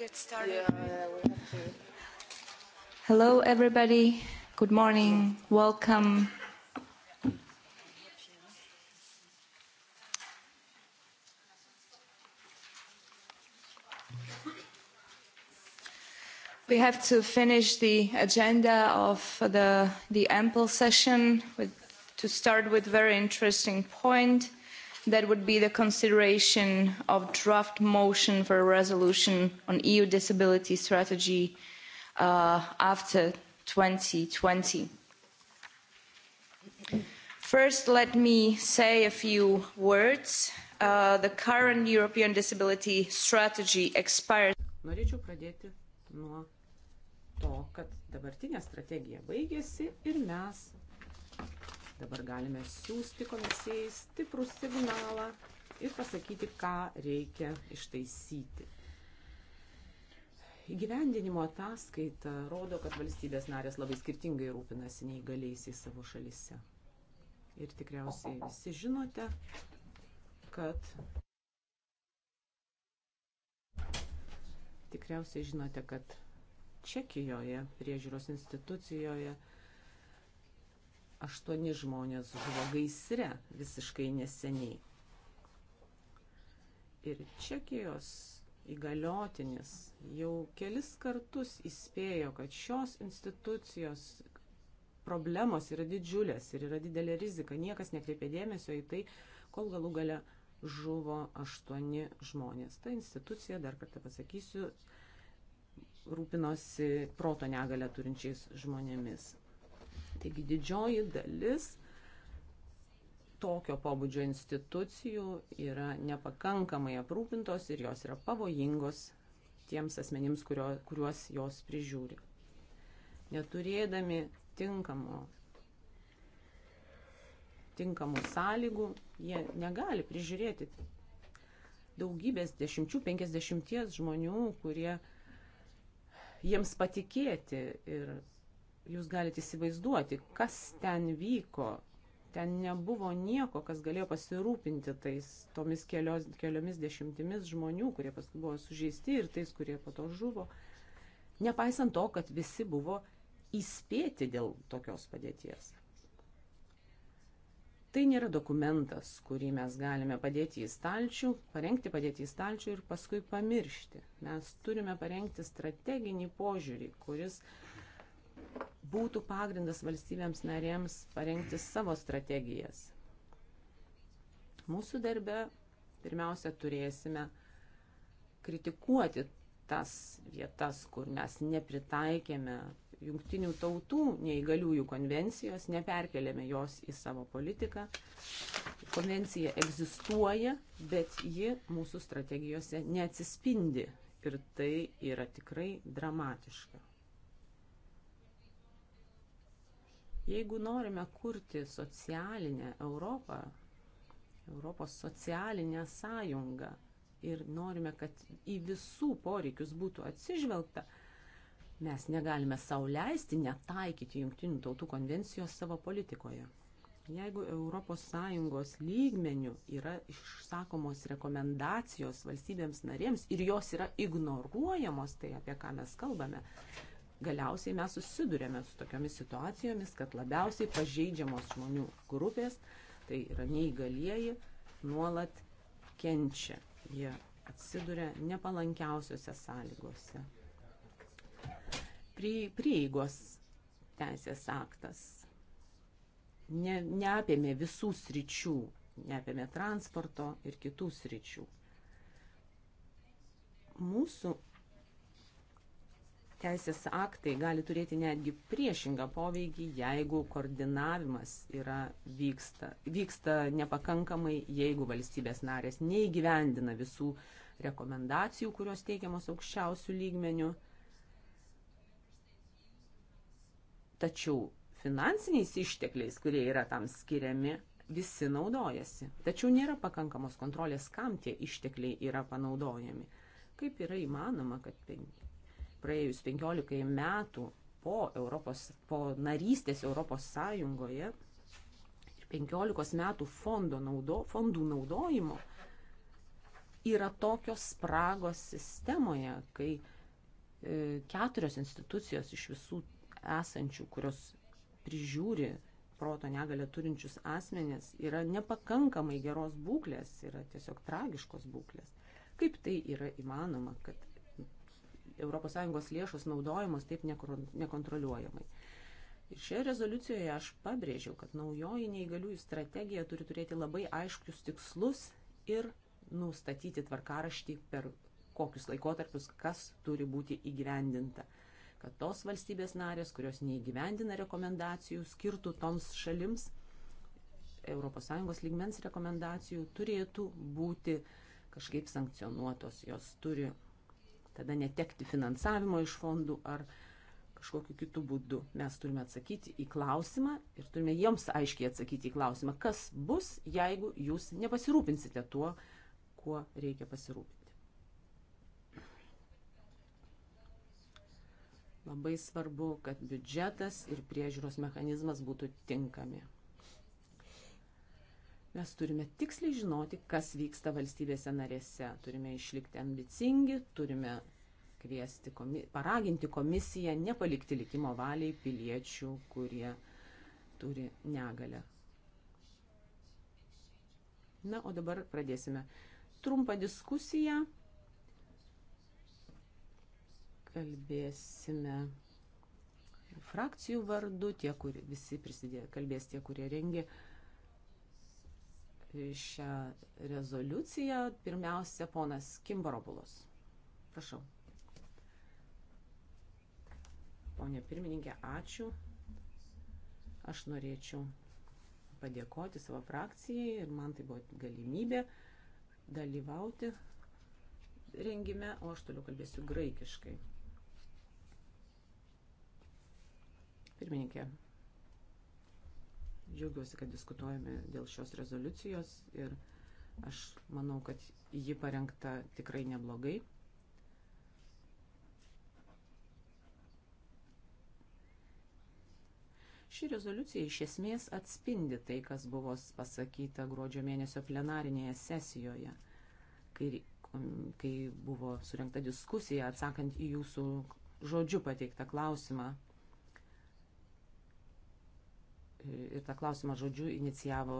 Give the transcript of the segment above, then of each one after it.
get started. Yeah, yeah, we have to. Hello, everybody. Good morning. Welcome. We have to finish the agenda of the, the ample session with, to start with very interesting point that would be the consideration of draft motion for a resolution on eu disability strategy uh, after 2020. First, let me say a few words. Uh, the current European disability strategy expires. Norėčiau pradėti nuo to, kad dabartinė strategija baigėsi ir mes Dabar galime siūsti komisijai stiprų signalą ir pasakyti, ką reikia ištaisyti. Įgyvendinimo ataskaita rodo, kad valstybės narės labai skirtingai rūpinasi neįgaliaisiais savo šalise. Ir tikriausiai visi žinote, kad. Tikriausiai žinote, kad Čekijoje priežiūros institucijoje aštuoni žmonės žuvo gaisre visiškai neseniai. Ir Čekijos įgaliotinis jau kelis kartus įspėjo, kad šios institucijos problemos yra didžiulės ir yra didelė rizika. Niekas nekreipė dėmesio į tai, kol galų gale žuvo aštuoni žmonės. Ta institucija, dar kartą pasakysiu, rūpinosi proto negalę turinčiais žmonėmis. Taigi didžioji dalis tokio pobūdžio institucijų yra nepakankamai aprūpintos ir jos yra pavojingos tiems asmenims, kurio, kuriuos jos prižiūri. Neturėdami tinkamo, tinkamų sąlygų, jie negali prižiūrėti daugybės dešimčių, penkiasdešimties žmonių, kurie jiems patikėti ir Jūs galite įsivaizduoti, kas ten vyko. Ten nebuvo nieko, kas galėjo pasirūpinti tais tomis kelios, keliomis dešimtimis žmonių, kurie paskui buvo sužeisti ir tais, kurie po to žuvo. Nepaisant to, kad visi buvo įspėti dėl tokios padėties. Tai nėra dokumentas, kurį mes galime padėti į stalčių, parengti padėti į stalčių ir paskui pamiršti. Mes turime parengti strateginį požiūrį, kuris būtų pagrindas valstybėms narėms parengti savo strategijas. Mūsų darbe pirmiausia turėsime kritikuoti tas vietas, kur mes nepritaikėme jungtinių tautų neįgaliųjų konvencijos, neperkeliame jos į savo politiką. Konvencija egzistuoja, bet ji mūsų strategijose neatsispindi ir tai yra tikrai dramatiška. Jeigu norime kurti socialinę Europą, Europos socialinę sąjungą ir norime, kad į visų poreikius būtų atsižvelgta, mes negalime sau leisti netaikyti Junktinių tautų konvencijos savo politikoje. Jeigu ES lygmenių yra išsakomos rekomendacijos valstybėms narėms ir jos yra ignoruojamos, tai apie ką mes kalbame, galiausiai mes susidurėme su tokiomis situacijomis, kad labiausiai pažeidžiamos žmonių grupės, tai yra neįgalieji, nuolat kenčia. Jie atsiduria nepalankiausiose sąlygose. Prieigos teisės aktas ne, neapėmė visų sričių, neapėmė transporto ir kitų sričių. Mūsų teisės aktai gali turėti netgi priešingą poveikį, jeigu koordinavimas yra, vyksta, vyksta nepakankamai, jeigu valstybės narės neįgyvendina visų rekomendacijų, kurios teikiamos aukščiausių lygmenių. Tačiau finansiniais ištekliais, kurie yra tam skiriami, visi naudojasi. Tačiau nėra pakankamos kontrolės, kam tie ištekliai yra panaudojami. Kaip yra įmanoma, kad praėjus 15 metų po, Europos, po narystės Europos Sąjungoje ir 15 metų fondo naudo, fondų naudojimo yra tokios spragos sistemoje, kai e, keturios institucijos iš visų esančių, kurios prižiūri proto negalę turinčius asmenės, yra nepakankamai geros būklės, yra tiesiog tragiškos būklės. Kaip tai yra įmanoma, kad ES lėšos naudojamos taip nekontroliuojamai. Ir šioje rezoliucijoje aš pabrėžiau, kad naujoji neįgaliųjų strategija turi turėti labai aiškius tikslus ir nustatyti tvarkaraštį, per kokius laikotarpius kas turi būti įgyvendinta kad tos valstybės narės, kurios neįgyvendina rekomendacijų, skirtų toms šalims ES lygmens rekomendacijų, turėtų būti kažkaip sankcionuotos. Jos turi tada netekti finansavimo iš fondų ar kažkokiu kitų būdų. Mes turime atsakyti į klausimą ir turime joms aiškiai atsakyti į klausimą, kas bus, jeigu jūs nepasirūpinsite tuo, kuo reikia pasirūpinti. Labai svarbu, kad biudžetas ir priežiūros mechanizmas būtų tinkami. Mes turime tiksliai žinoti, kas vyksta valstybėse narėse. Turime išlikti ambicingi, turime kviesti, komi paraginti komisiją, nepalikti likimo valiai piliečių, kurie turi negalę. Na, o dabar pradėsime trumpą diskusiją. Kalbėsime frakcijų vardu, tie, kur visi prisidėjo, kalbės tie, kurie rengė šią rezoliuciją. Pirmiausia, ponas Kimbarobulos. Prašau. Pone pirmininkė, ačiū. Aš norėčiau padėkoti savo frakcijai ir man tai buvo galimybė dalyvauti rengime, o aš toliau kalbėsiu graikiškai. Pirmininkė, Džiaugiuosi, kad diskutuojame dėl šios rezoliucijos ir aš manau, kad ji parengta tikrai neblogai. Ši rezoliucija iš esmės atspindi tai, kas buvo pasakyta gruodžio mėnesio plenarinėje sesijoje, kai, kai buvo surinkta diskusija atsakant į jūsų žodžiu pateiktą klausimą ir tą klausimą žodžiu inicijavo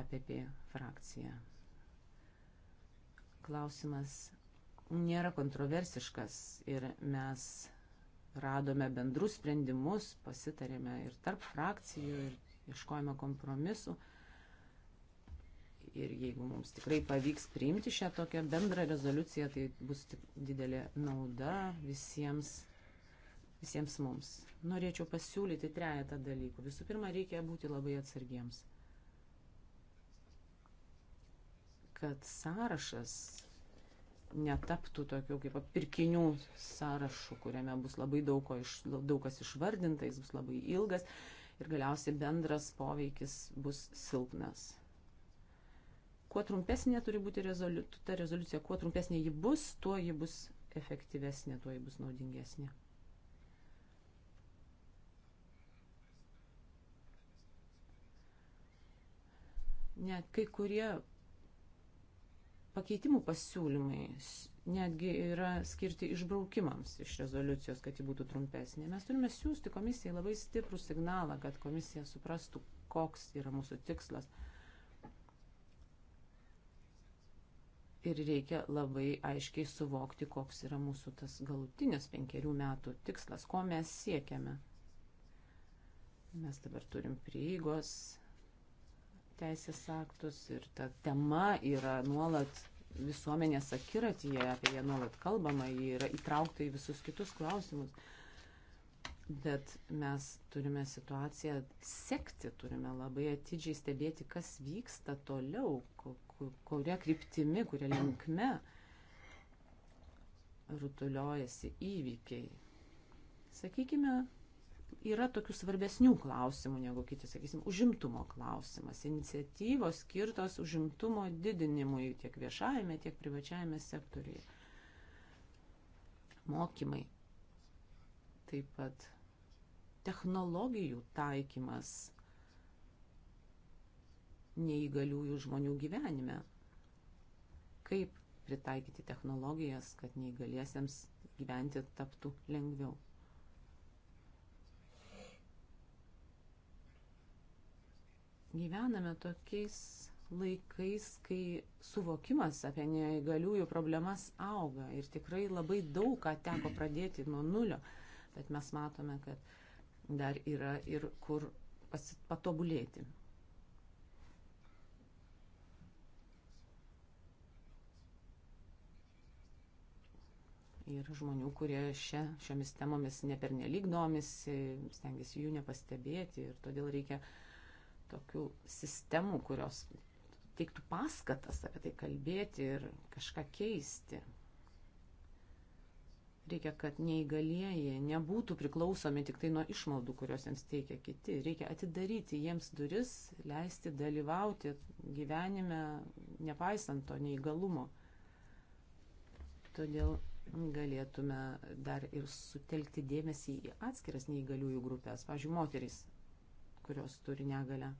EPP frakcija. Klausimas nėra kontroversiškas ir mes radome bendrus sprendimus, pasitarėme ir tarp frakcijų, ir ieškojame kompromisų. Ir jeigu mums tikrai pavyks priimti šią tokią bendrą rezoliuciją, tai bus didelė nauda visiems visiems mums. Norėčiau pasiūlyti trejatą dalykų. Visų pirma, reikia būti labai atsargiems, kad sąrašas netaptų tokiu kaip pirkinių sąrašu, kuriame bus labai daug, ko iš, daug kas išvardinta, jis bus labai ilgas ir galiausiai bendras poveikis bus silpnas. Kuo trumpesnė turi būti rezoliu, ta rezoliucija, kuo trumpesnė ji bus, tuo ji bus efektyvesnė, tuo ji bus naudingesnė. Net kai kurie pakeitimų pasiūlymai netgi yra skirti išbraukimams iš rezoliucijos, kad ji būtų trumpesnė. Mes turime siūsti komisijai labai stiprų signalą, kad komisija suprastų, koks yra mūsų tikslas. Ir reikia labai aiškiai suvokti, koks yra mūsų tas galutinis penkerių metų tikslas, ko mes siekiame. Mes dabar turim prieigos teisės aktus ir ta tema yra nuolat visuomenės akiratyje, apie ją nuolat kalbama, ji yra įtraukta į visus kitus klausimus. Bet mes turime situaciją sekti, turime labai atidžiai stebėti, kas vyksta toliau, kuria kryptimi, kuria linkme rutuliojasi įvykiai. Sakykime, yra tokių svarbesnių klausimų negu kiti, sakysim, užimtumo klausimas, iniciatyvos skirtos užimtumo didinimui tiek viešajame, tiek privačiajame sektoriuje. Mokymai. Taip pat technologijų taikymas neįgaliųjų žmonių gyvenime. Kaip pritaikyti technologijas, kad neįgaliesiems gyventi taptų lengviau. Gyvename tokiais laikais, kai suvokimas apie neįgaliųjų problemas auga ir tikrai labai daug ką teko pradėti nuo nulio, bet mes matome, kad dar yra ir kur patobulėti. Ir žmonių, kurie šia, šiomis temomis nepernelyg domisi, stengiasi jų nepastebėti ir todėl reikia uh, tokių sistemų, kurios teiktų paskatas apie tai kalbėti ir kažką keisti. Reikia, kad neįgalieji nebūtų priklausomi tik tai nuo išmaldų, kurios jiems teikia kiti. Reikia atidaryti jiems duris, leisti dalyvauti gyvenime, nepaisant to neįgalumo. Todėl galėtume dar ir sutelkti dėmesį į atskiras neįgaliųjų grupės, pažiūrėjau, moterys kurios turi negalę,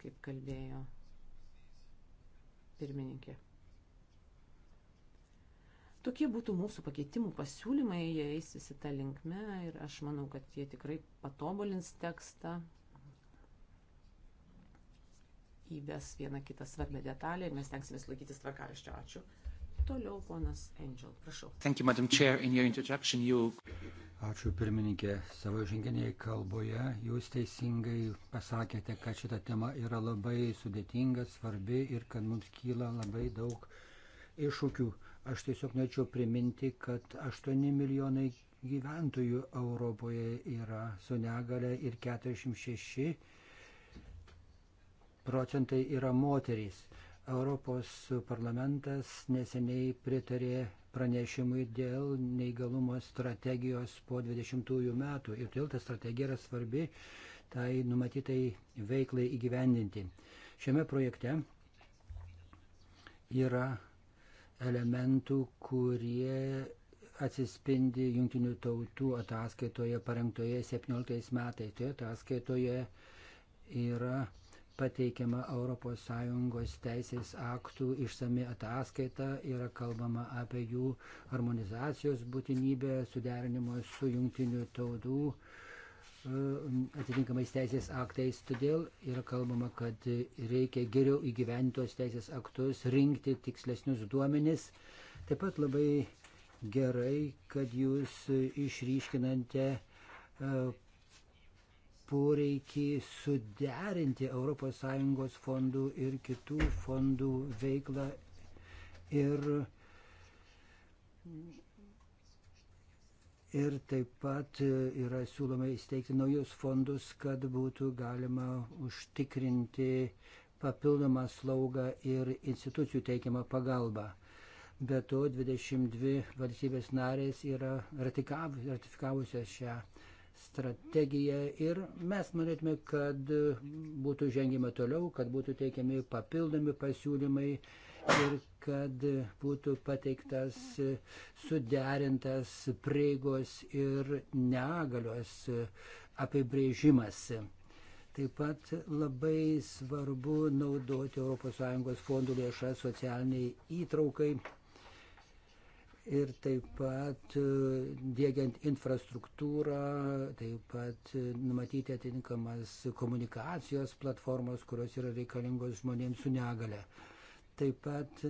kaip kalbėjo pirmininkė. Tokie būtų mūsų pakeitimų pasiūlymai, jie eis visi tą linkmę ir aš manau, kad jie tikrai patobulins tekstą, įves vieną kitą svarbę detalę ir mes tenksimės laikytis tvarkaraščio. Ačiū. Toliau ponas Angel, prašau. Thank you, Madam Chair, in your introduction you... Ačiū pirmininkė, savo žinginiai kalboje jūs teisingai pasakėte, kad šita tema yra labai sudėtinga, svarbi ir kad mums kyla labai daug iššūkių. Aš tiesiog norėčiau priminti, kad 8 milijonai gyventojų Europoje yra su negale ir 46 procentai yra moterys. Europos parlamentas neseniai pritarė pranešimui dėl neįgalumo strategijos po 20 metų ir todėl ta strategija yra svarbi tai numatytai veiklai įgyvendinti. Šiame projekte yra elementų, kurie atsispindi jungtinių tautų ataskaitoje parengtoje 17 metais. Toje ataskaitoje yra pateikiama ES teisės aktų išsami ataskaita, yra kalbama apie jų harmonizacijos būtinybę, suderinimo su jungtiniu taudų e, atitinkamais teisės aktais. Todėl yra kalbama, kad reikia geriau įgyventos teisės aktus, rinkti tikslesnius duomenis. Taip pat labai gerai, kad jūs išryškinate e, poreikį suderinti ES fondų ir kitų fondų veiklą ir, ir taip pat yra siūloma įsteigti naujus fondus, kad būtų galima užtikrinti papildomą slaugą ir institucijų teikiamą pagalbą. Be to, 22 valstybės narės yra ratifikavusios šią strategiją ir mes norėtume, kad būtų žengima toliau, kad būtų teikiami papildomi pasiūlymai ir kad būtų pateiktas suderintas prieigos ir negalios apibrėžimas. Taip pat labai svarbu naudoti ES fondų lėšas socialiniai įtraukai ir taip pat e, dėgiant infrastruktūrą, taip pat e, numatyti atitinkamas komunikacijos platformos, kurios yra reikalingos žmonėms su negale. Taip pat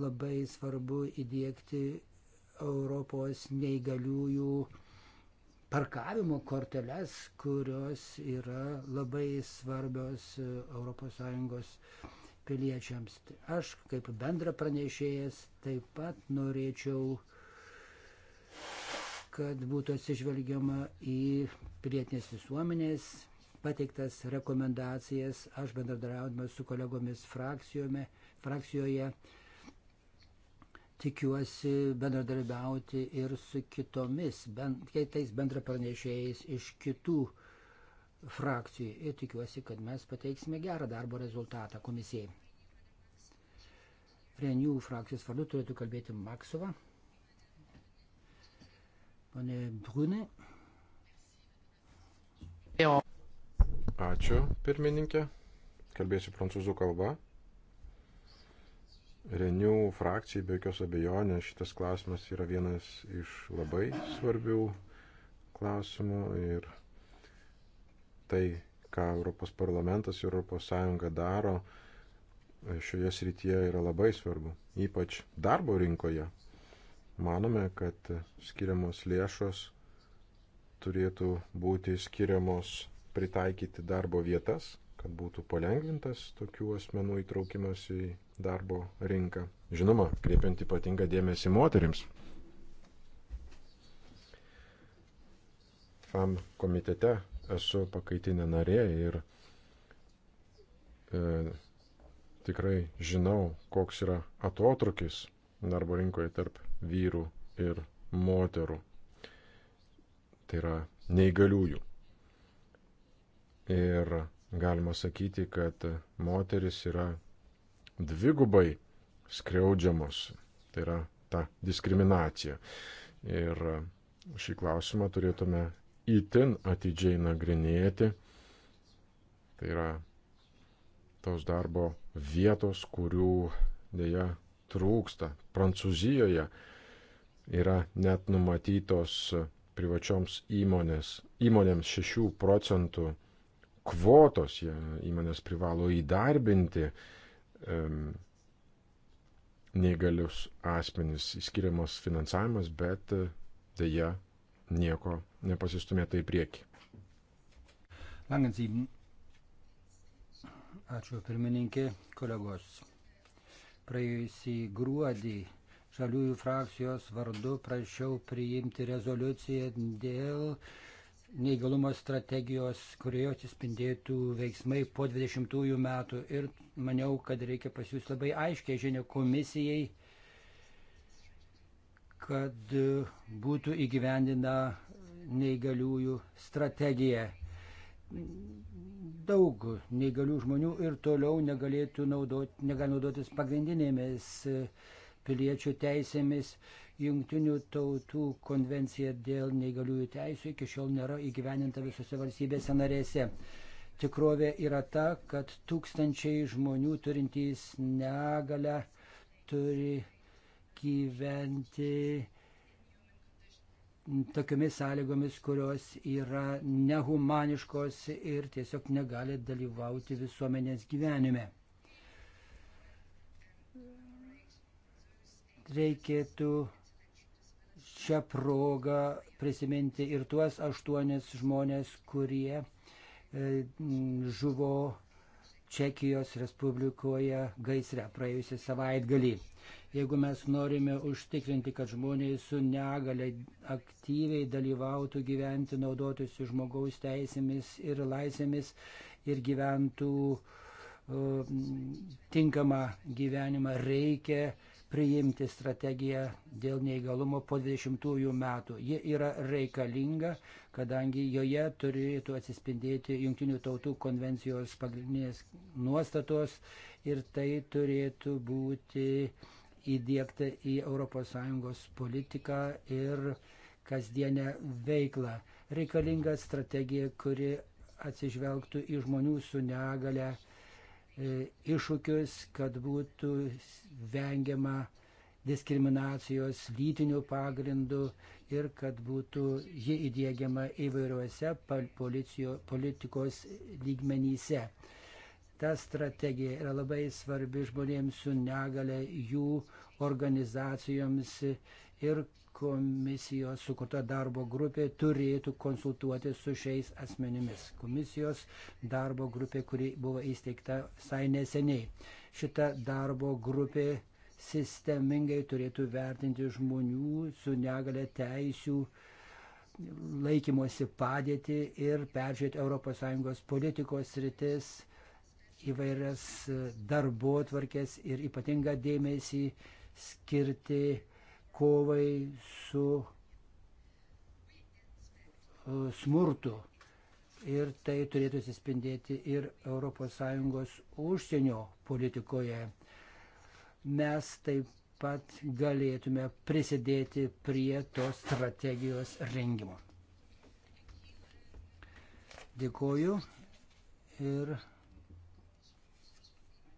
labai svarbu įdėkti Europos neįgaliųjų parkavimo korteles, kurios yra labai svarbios ES piliečiams. Aš kaip bendra pranešėjas taip pat norėčiau, kad būtų atsižvelgiama į pilietinės visuomenės pateiktas rekomendacijas. Aš bendradarbiaudamas su kolegomis frakcijoje tikiuosi bendradarbiauti ir su kitomis, bent kitais bendrapranešėjais iš kitų frakcijai ir tikiuosi, kad mes pateiksime gerą darbo rezultatą komisijai. Renių frakcijos vardu turėtų kalbėti Maksova. Pane Brunė. Ačiū, pirmininkė. Kalbėsiu prancūzų kalba. Renių frakcijai be jokios abejonės šitas klausimas yra vienas iš labai svarbių klausimų ir tai, ką Europos parlamentas ir Europos Sąjunga daro e, šioje srityje yra labai svarbu, ypač darbo rinkoje. Manome, kad skiriamos lėšos turėtų būti skiriamos pritaikyti darbo vietas, kad būtų palengvintas tokių asmenų įtraukimas į darbo rinką. Žinoma, kreipiant ypatingą dėmesį moteriams. FAM komitete esu pakaitinė narė ir e, tikrai žinau, koks yra atotrukis darbo rinkoje tarp vyrų ir moterų. Tai yra neįgaliųjų. Ir galima sakyti, kad moteris yra dvigubai skriaudžiamos. Tai yra ta diskriminacija. Ir šį klausimą turėtume įtin atidžiai nagrinėti. Tai yra tos darbo vietos, kurių dėja trūksta. Prancūzijoje yra net numatytos privačioms įmonės, įmonėms 6 procentų kvotos, jie įmonės privalo įdarbinti um, negalius asmenys, įskiriamas finansavimas, bet e, dėja nieko nepasistumėta į priekį. Langan 7. Ačiū pirmininkė, kolegos. Praėjusį gruodį žaliųjų frakcijos vardu prašiau priimti rezoliuciją dėl neįgalumo strategijos, kurioje atsispindėtų veiksmai po 20 metų. Ir maniau, kad reikia pasiūs labai aiškiai žinia komisijai, kad būtų įgyvendina neįgaliųjų strategiją. Daug neįgalių žmonių ir toliau negalėtų naudoti, negali naudotis pagrindinėmis e, piliečių teisėmis. Jungtinių tautų konvencija dėl neįgaliųjų teisų iki šiol nėra įgyveninta visose valstybėse narėse. Tikrovė yra ta, kad tūkstančiai žmonių turintys negalę turi gyventi tokiamis sąlygomis, kurios yra nehumaniškos ir tiesiog negali dalyvauti visuomenės gyvenime. Reikėtų šią progą prisiminti ir tuos aštuonis žmonės, kurie e, žuvo Čekijos Respublikoje gaisrę praėjusią savaitgalį. Jeigu mes norime užtikrinti, kad žmonės su negale aktyviai dalyvautų gyventi, naudotųsi žmogaus teisėmis ir laisvėmis ir gyventų uh, tinkamą gyvenimą, reikia uh, priimti strategiją dėl neįgalumo po 20 metų. Ji yra reikalinga, kadangi joje turėtų atsispindėti Junktinių tautų konvencijos pagrindinės nuostatos ir tai turėtų būti įdėkta į ES politiką ir kasdienę veiklą. Reikalinga strategija, kuri atsižvelgtų į žmonių su negale E, iššūkius, kad būtų vengiama diskriminacijos lytinių pagrindų ir kad būtų ji įdėgiama įvairiuose policijo, politikos lygmenyse. Ta strategija yra labai svarbi žmonėms su negale, jų organizacijoms ir komisijos sukurta darbo grupė turėtų konsultuoti su šiais asmenimis. Komisijos darbo grupė, kuri buvo įsteigta visai neseniai. Šita darbo grupė sistemingai turėtų vertinti žmonių su negale teisių laikymosi padėtį ir peržiūrėti ES politikos rytis įvairias darbo tvarkės ir ypatingą dėmesį skirti kovai su e, smurtu. Ir tai turėtų atsispindėti ir ES užsienio politikoje. Mes taip pat galėtume prisidėti prie tos strategijos rengimo. Dėkoju ir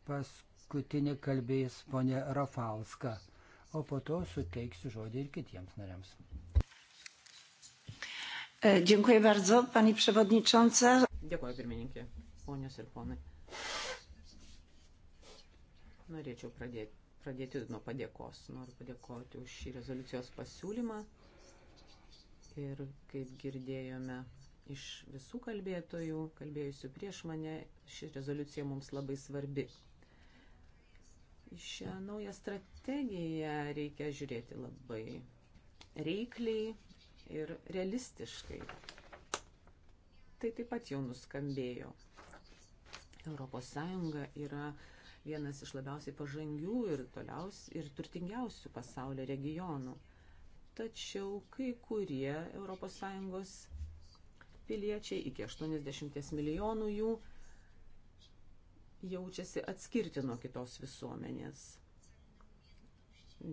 paskutinė kalbės ponė Rafalska o po to suteiksiu žodį ir kitiems nariams. E, dziękuję bardzo, pani przewodnicząca. Dėkuoju, pirmininkė, ponios ir ponai. Norėčiau pradėti, pradėti nuo padėkos. Noriu padėkoti už šį rezoliucijos pasiūlymą. Ir kaip girdėjome iš visų kalbėtojų, kalbėjusių prieš mane, ši rezoliucija mums labai svarbi šią naują strategiją reikia žiūrėti labai reikliai ir realistiškai. Tai taip pat jau nuskambėjo. ES yra vienas iš labiausiai pažangių ir, toliaus, ir turtingiausių pasaulio regionų. Tačiau kai kurie ES piliečiai, iki 80 milijonų jų, jaučiasi atskirti nuo kitos visuomenės.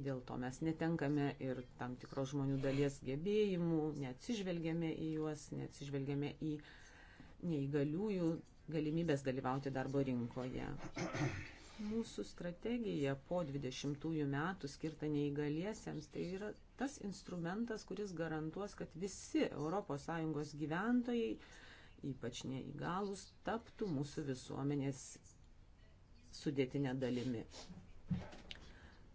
Dėl to mes netenkame ir tam tikros žmonių dalies gebėjimų, neatsižvelgiame į juos, neatsižvelgiame į neįgaliųjų galimybės dalyvauti darbo rinkoje. Mūsų strategija po 20 metų skirta neįgaliesiems tai yra tas instrumentas, kuris garantuos, kad visi ES gyventojai, ypač neįgalus, taptų mūsų visuomenės sudėtinė dalimi.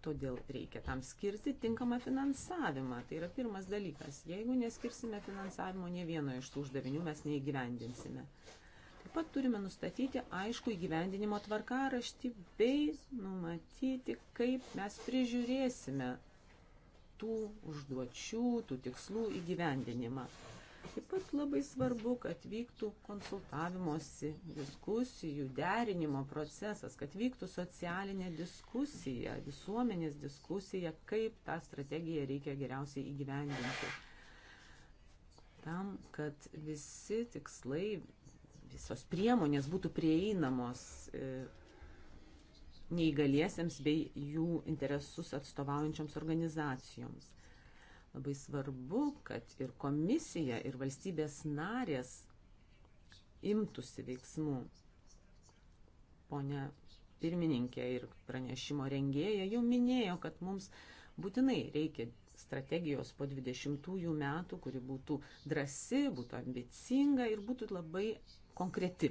Todėl reikia tam skirti tinkamą finansavimą. Tai yra pirmas dalykas. Jeigu neskirsime finansavimo, ne vieno iš tų uždavinių mes neįgyvendinsime. Taip pat turime nustatyti aišku įgyvendinimo tvarkaraštį bei numatyti, kaip mes prižiūrėsime tų užduočių, tų tikslų įgyvendinimą. Taip pat labai svarbu, kad vyktų konsultavimosi, diskusijų, derinimo procesas, kad vyktų socialinė diskusija, visuomenės diskusija, kaip tą strategiją reikia geriausiai įgyvendinti. Tam, kad visi tikslai, visos priemonės būtų prieinamos e, neįgaliesiems bei jų interesus atstovaujančioms organizacijoms. Labai svarbu, kad ir komisija, ir valstybės narės imtųsi veiksmų. Pone pirmininkė ir pranešimo rengėja jau minėjo, kad mums būtinai reikia strategijos po 20 metų, kuri būtų drasi, būtų ambicinga ir būtų labai konkreti.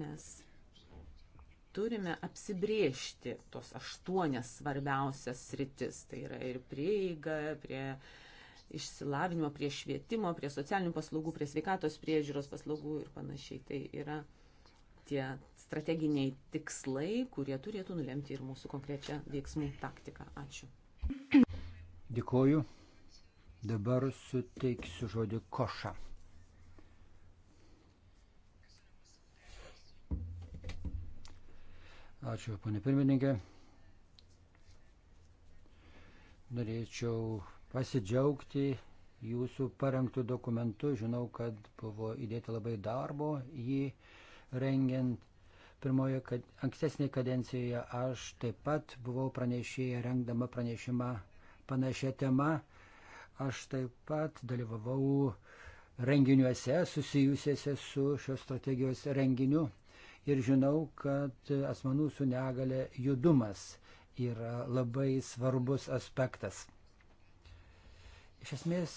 Mes turime apsibriežti tos aštuonias svarbiausias sritis. Tai yra ir prieiga prie išsilavinimo, prie švietimo, prie socialinių paslaugų, prie sveikatos priežiūros paslaugų ir panašiai. Tai yra tie strateginiai tikslai, kurie turėtų nulemti ir mūsų konkrečią veiksmų taktiką. Ačiū. Dėkuoju. Dabar suteiksiu žodį košą. Ačiū, ponė pirmininkė. Norėčiau pasidžiaugti jūsų parengtų dokumentų. Žinau, kad buvo įdėta labai darbo jį rengiant. Pirmoje, kad ankstesnėje kadencijoje aš taip pat buvau pranešėja rengdama pranešimą panašią temą. Aš taip pat dalyvavau renginiuose susijusiuose su šios strategijos renginiu ir žinau, kad asmenų su negale judumas yra labai svarbus aspektas. Iš esmės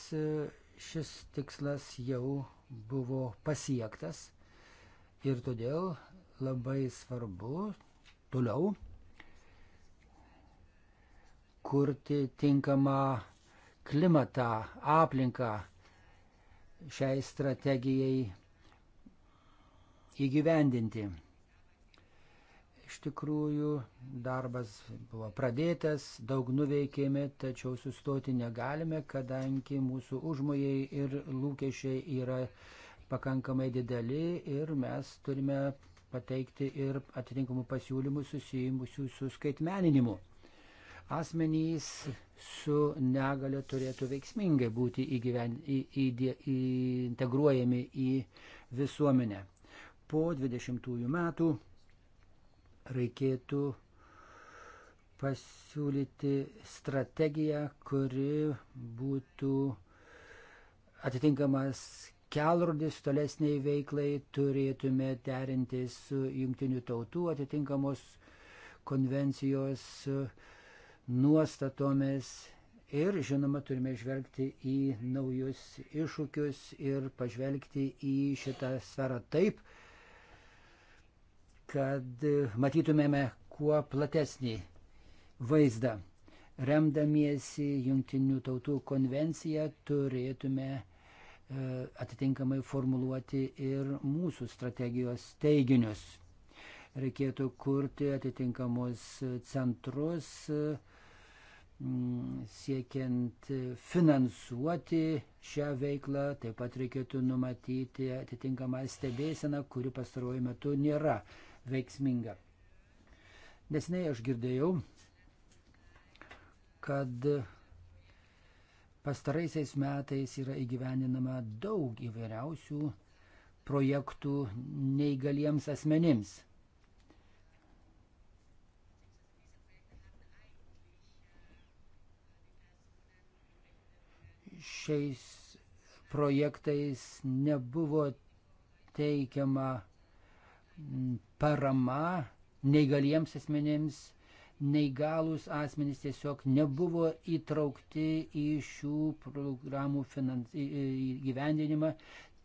šis tikslas jau buvo pasiektas ir todėl labai svarbu toliau kurti tinkamą klimatą, aplinką šiai strategijai įgyvendinti. Iš tikrųjų, darbas buvo pradėtas, daug nuveikėme, tačiau sustoti negalime, kadangi mūsų užmojai ir lūkesčiai yra pakankamai dideli ir mes turime pateikti ir atitinkamų pasiūlymų susijimusių su skaitmeninimu. Asmenys su negale turėtų veiksmingai būti įgyven, į, į, į, integruojami į visuomenę po 20 metų reikėtų pasiūlyti strategiją, kuri būtų atitinkamas kelrodis tolesniai veiklai, turėtume derinti su jungtinių tautų atitinkamos konvencijos nuostatomis ir, žinoma, turime žvelgti į naujus iššūkius ir pažvelgti į šitą sferą taip, kad e, matytumėme kuo platesnį vaizdą. Remdamiesi Junktinių tautų konvenciją turėtume e, atitinkamai formuluoti ir mūsų strategijos teiginius. Reikėtų kurti atitinkamus centrus, e, siekiant finansuoti šią veiklą, taip pat reikėtų numatyti atitinkamą stebėseną, kuri pastaruoju metu nėra veiksminga. Nesiniai aš girdėjau, kad pastaraisiais metais yra įgyveninama daug įvairiausių projektų neįgaliems asmenims. Šiais projektais nebuvo teikiama parama neįgaliems asmenėms, neįgalus asmenys tiesiog nebuvo įtraukti į šių programų finans... gyvendinimą.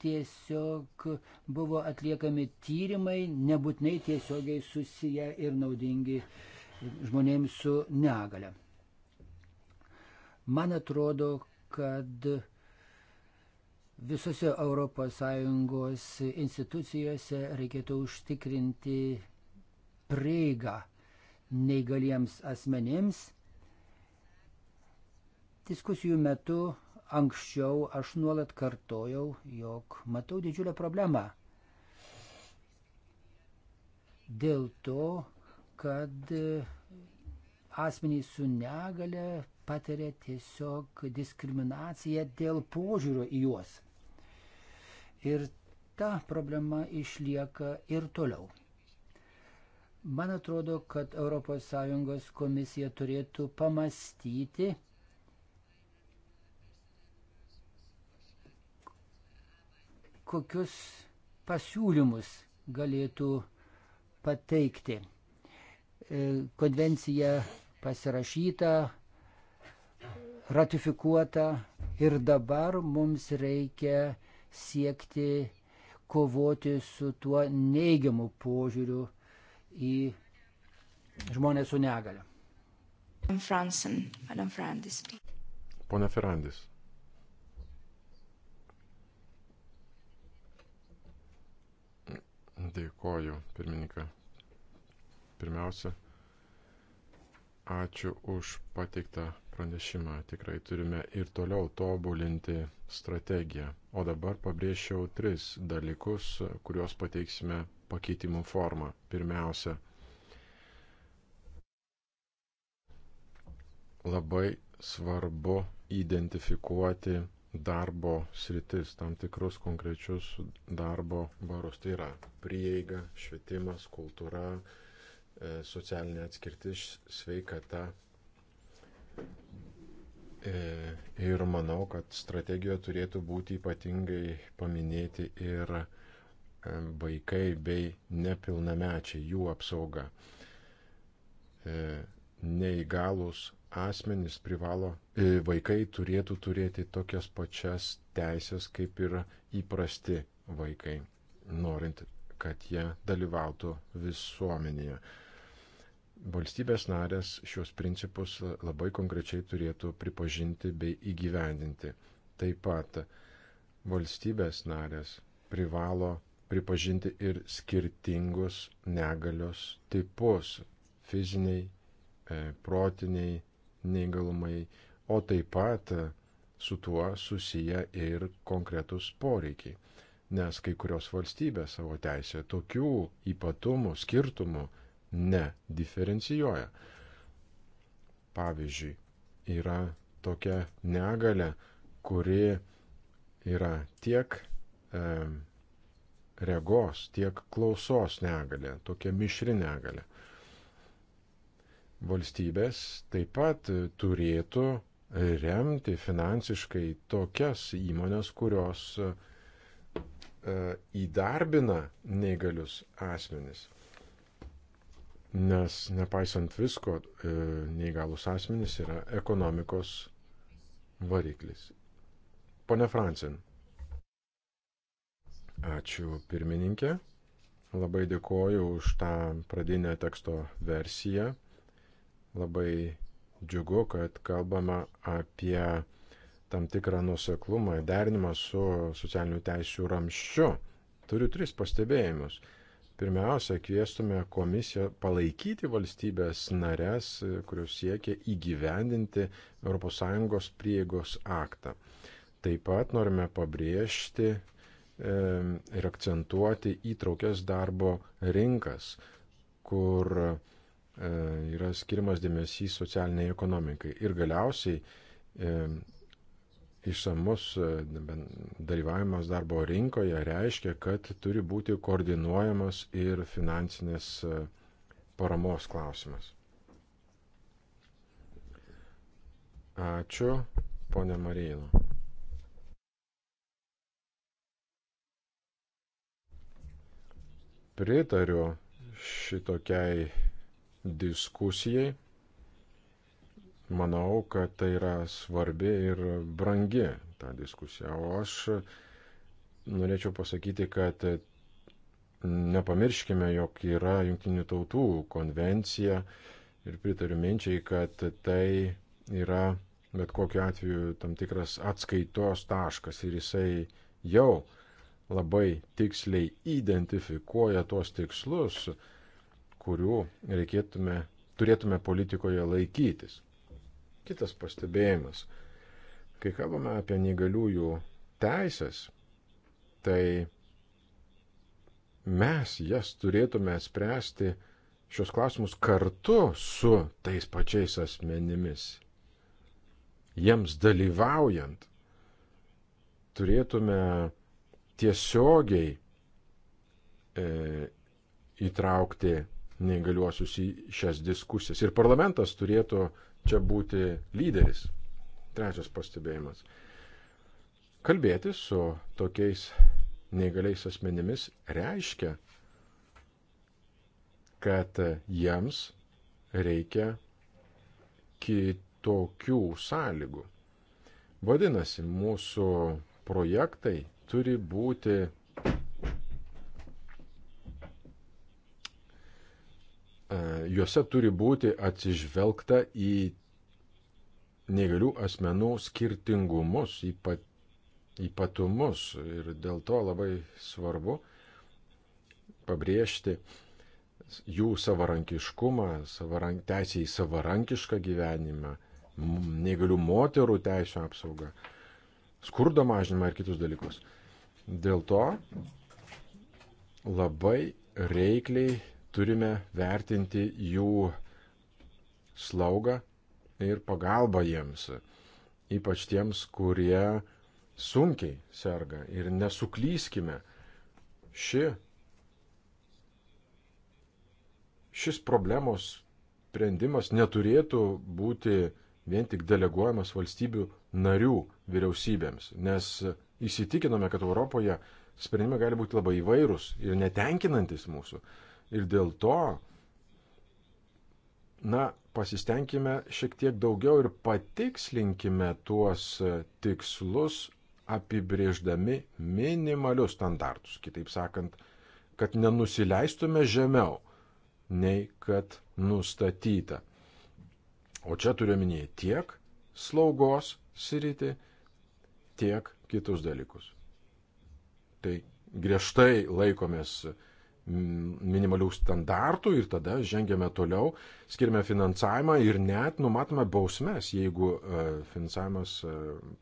Tiesiog buvo atliekami tyrimai, nebūtinai tiesiogiai susiję ir naudingi žmonėms su negale. Man atrodo, kad visose ES institucijose reikėtų užtikrinti prieigą neįgaliems asmenims. Diskusijų metu anksčiau aš nuolat kartojau, jog matau didžiulę problemą. Dėl to, kad asmenys su negale patiria tiesiog diskriminaciją dėl požiūrio į juos. Ir ta problema išlieka ir toliau. Man atrodo, kad ES komisija turėtų pamastyti, kokius pasiūlymus galėtų pateikti. E, konvencija pasirašyta, ratifikuota ir dabar mums reikia siekti kovoti su tuo neigiamu požiūriu į žmonės su negaliu. Pone Ferrandis. Dėkoju, pirmininką. Pirmiausia, ačiū už pateiktą pranešimą. Tikrai turime ir toliau tobulinti strategiją. O dabar pabrėžčiau tris dalykus, kuriuos pateiksime pakeitimų formą. Pirmiausia, labai svarbu identifikuoti darbo sritis, tam tikrus konkrečius darbo barus. Tai yra prieiga, švietimas, kultūra, e, socialinė atskirtis, sveikata, E, ir manau, kad strategijoje turėtų būti ypatingai paminėti ir e, vaikai bei nepilnamečiai, jų apsauga. E, neįgalus asmenys privalo, vaikai turėtų turėti tokias pačias teisės, kaip ir įprasti vaikai, norint, kad jie dalyvautų visuomenėje valstybės narės šios principus labai konkrečiai turėtų pripažinti bei įgyvendinti. Taip pat valstybės narės privalo pripažinti ir skirtingus negalios tipus - fiziniai, e, protiniai, neįgalumai, o taip pat su tuo susiję ir konkretus poreikiai. Nes kai kurios valstybės savo teisėje tokių ypatumų, skirtumų nediferencijuoja. Pavyzdžiui, yra tokia negalė, kuri yra tiek e, regos, tiek klausos negalė, tokia mišri negalė. Valstybės taip pat turėtų remti finansiškai tokias įmonės, kurios e, įdarbina negalius asmenis nes nepaisant visko, e, neįgalus asmenys yra ekonomikos variklis. Pone Francin. Ačiū pirmininkė. Labai dėkoju už tą pradinę teksto versiją. Labai džiugu, kad kalbama apie tam tikrą nuseklumą, derinimą su socialinių teisų ramščiu. Turiu tris pastebėjimus pirmiausia kviestume komisiją palaikyti valstybės nares, kurios siekia įgyvendinti ES prieigos aktą. Taip pat norime pabrėžti e, ir akcentuoti įtraukias darbo rinkas, kur e, yra skirimas dėmesys socialiniai ekonomikai. Ir galiausiai e, išsamus e, dalyvavimas darbo rinkoje reiškia, kad turi būti koordinuojamas ir finansinės e, paramos klausimas. Ačiū, ponė Marino. Pritariu šitokiai diskusijai manau, kad tai yra svarbi ir brangi ta diskusija. O aš norėčiau pasakyti, kad nepamirškime, jog yra Junktinių tautų konvencija ir pritariu minčiai, kad tai yra bet kokiu atveju tam tikras atskaitos taškas ir jisai jau labai tiksliai identifikuoja tuos tikslus, kurių reikėtume, turėtume politikoje laikytis. Kitas pastebėjimas. Kai kalbame apie negaliųjų teisės, tai mes jas turėtume spręsti šios klausimus kartu su tais pačiais asmenimis. Jiems dalyvaujant turėtume tiesiogiai e, įtraukti neįgaliuosius į šias diskusijas. Ir parlamentas turėtų čia būti lyderis. Trečias pastebėjimas. Kalbėti su tokiais neįgaliais asmenimis reiškia, kad jiems reikia kitokių sąlygų. Vadinasi, mūsų projektai turi būti juose turi būti atsižvelgta į negalių asmenų skirtingumus, ypat, ypatumus. Ir dėl to labai svarbu pabrėžti jų savarankiškumą, savarank, teisę į savarankišką gyvenimą, negalių moterų teisų apsaugą, skurdo mažinimą ir kitus dalykus. Dėl to labai reikliai turime vertinti jų slaugą ir pagalbą jiems, ypač tiems, kurie sunkiai serga ir nesuklyskime. Ši, šis problemos sprendimas neturėtų būti vien tik deleguojamas valstybių narių vyriausybėms, nes įsitikinome, kad Europoje sprendimai gali būti labai įvairūs ir netenkinantis mūsų. Ir dėl to, na, pasistengime šiek tiek daugiau ir patikslinkime tuos e, tikslus, apibrėždami minimalius standartus. Kitaip sakant, kad nenusileistume žemiau, nei kad nustatyta. O čia turiu minėti tiek slaugos sritį, tiek kitus dalykus. Tai griežtai laikomės Mm, minimalių standartų ir tada žengėme toliau, skirime finansavimą ir net numatome bausmes, jeigu e, finansavimas e,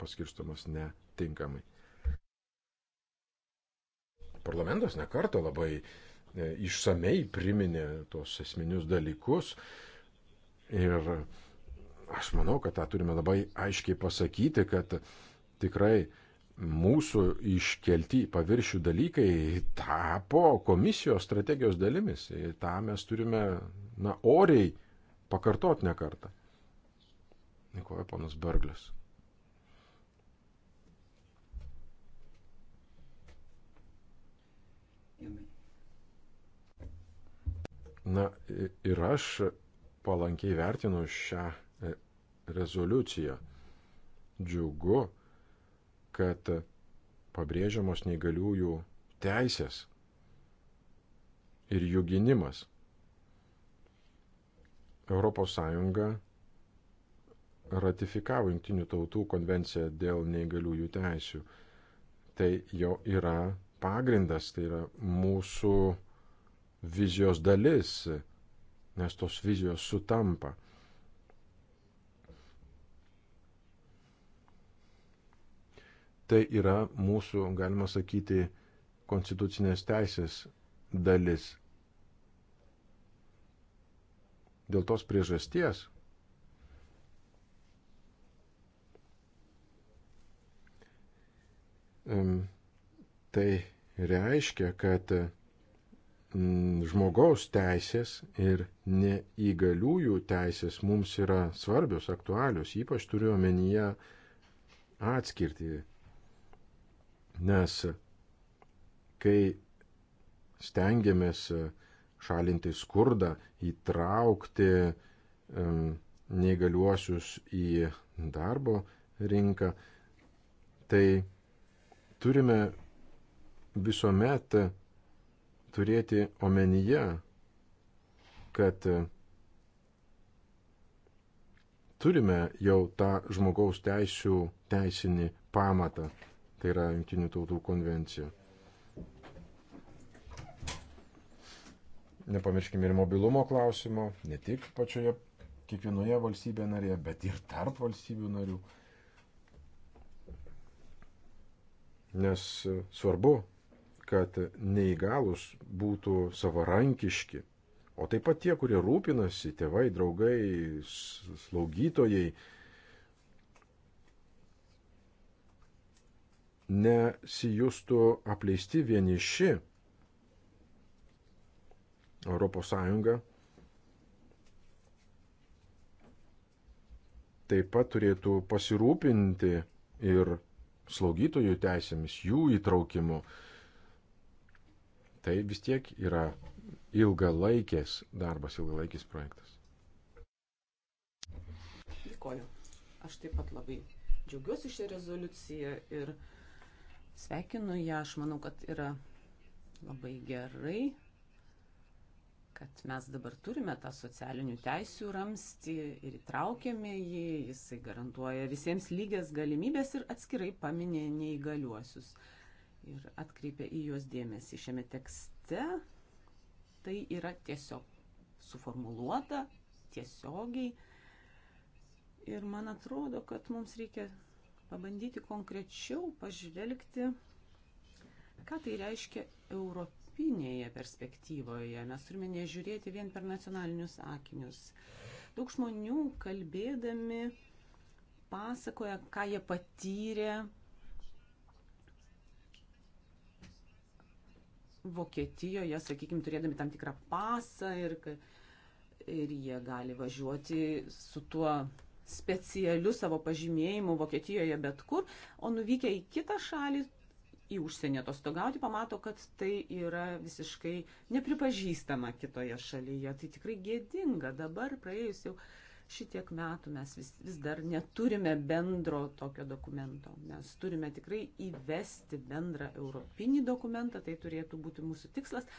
paskirstomas netinkamai. Parlamentas nekarta labai e, išsamei priminė tos esminius dalykus ir aš manau, kad tą turime labai aiškiai pasakyti, kad tikrai mūsų iškelti į paviršių dalykai tapo komisijos strategijos dalimis. Ir tą mes turime, na, oriai pakartoti ne kartą. Nikoja ponas Berglis. Na ir aš palankiai vertinu šią e, rezoliuciją. Džiugu, kad pabrėžiamos neįgaliųjų teisės ir jų gynimas. ES ratifikavo Junktinių tautų konvenciją dėl neįgaliųjų teisių. Tai jau yra pagrindas, tai yra mūsų vizijos dalis, nes tos vizijos sutampa. Tai yra mūsų, galima sakyti, konstitucinės teisės dalis. Dėl tos priežasties tai reiškia, kad žmogaus teisės ir neįgaliųjų teisės mums yra svarbios, aktualios, ypač turiu omenyje atskirti Nes kai stengiamės šalinti skurdą, įtraukti um, neįgaliuosius į darbo rinką, tai turime visuomet turėti omenyje, kad turime jau tą žmogaus teisų teisinį pamatą tai yra Junktinių tautų konvencija. Nepamirškime ir mobilumo klausimo, ne tik pačioje kiekvienoje valstybėje narėje, bet ir tarp valstybių narių. Nes svarbu, kad neįgalus būtų savarankiški, o taip pat tie, kurie rūpinasi, tėvai, draugai, slaugytojai, nesijustų apleisti vieniši. ES taip pat turėtų pasirūpinti ir slaugytojų teisėmis, jų įtraukimu. Tai vis tiek yra ilgalaikės darbas, ilgalaikis projektas. Dėkoju. Aš taip pat labai džiaugiuosi šią rezoliuciją ir uh, Sveikinu ją, aš manau, kad yra labai gerai, kad mes dabar turime tą socialinių teisių ramstį ir įtraukėme jį, jisai garantuoja visiems lygias galimybės ir atskirai paminė neįgaliuosius ir atkreipia į juos dėmesį šiame tekste. Tai yra tiesiog suformuoluota tiesiogiai ir man atrodo, kad mums reikia pabandyti konkrečiau pažvelgti, ką tai reiškia europinėje perspektyvoje. Mes turime nežiūrėti vien per nacionalinius akinius. Daug žmonių kalbėdami pasakoja, ką jie patyrė Vokietijoje, sakykime, turėdami tam tikrą pasą ir, ir jie gali važiuoti su tuo specialiu savo pažymėjimu Vokietijoje bet kur, o nuvykę į kitą šalį, į užsienį atostogauti, pamato, kad tai yra visiškai nepripažįstama kitoje šalyje. Tai tikrai gėdinga dabar praėjus jau šitiek metų mes vis, vis dar neturime bendro tokio dokumento. Mes turime tikrai įvesti bendrą europinį dokumentą, tai turėtų būti mūsų tikslas,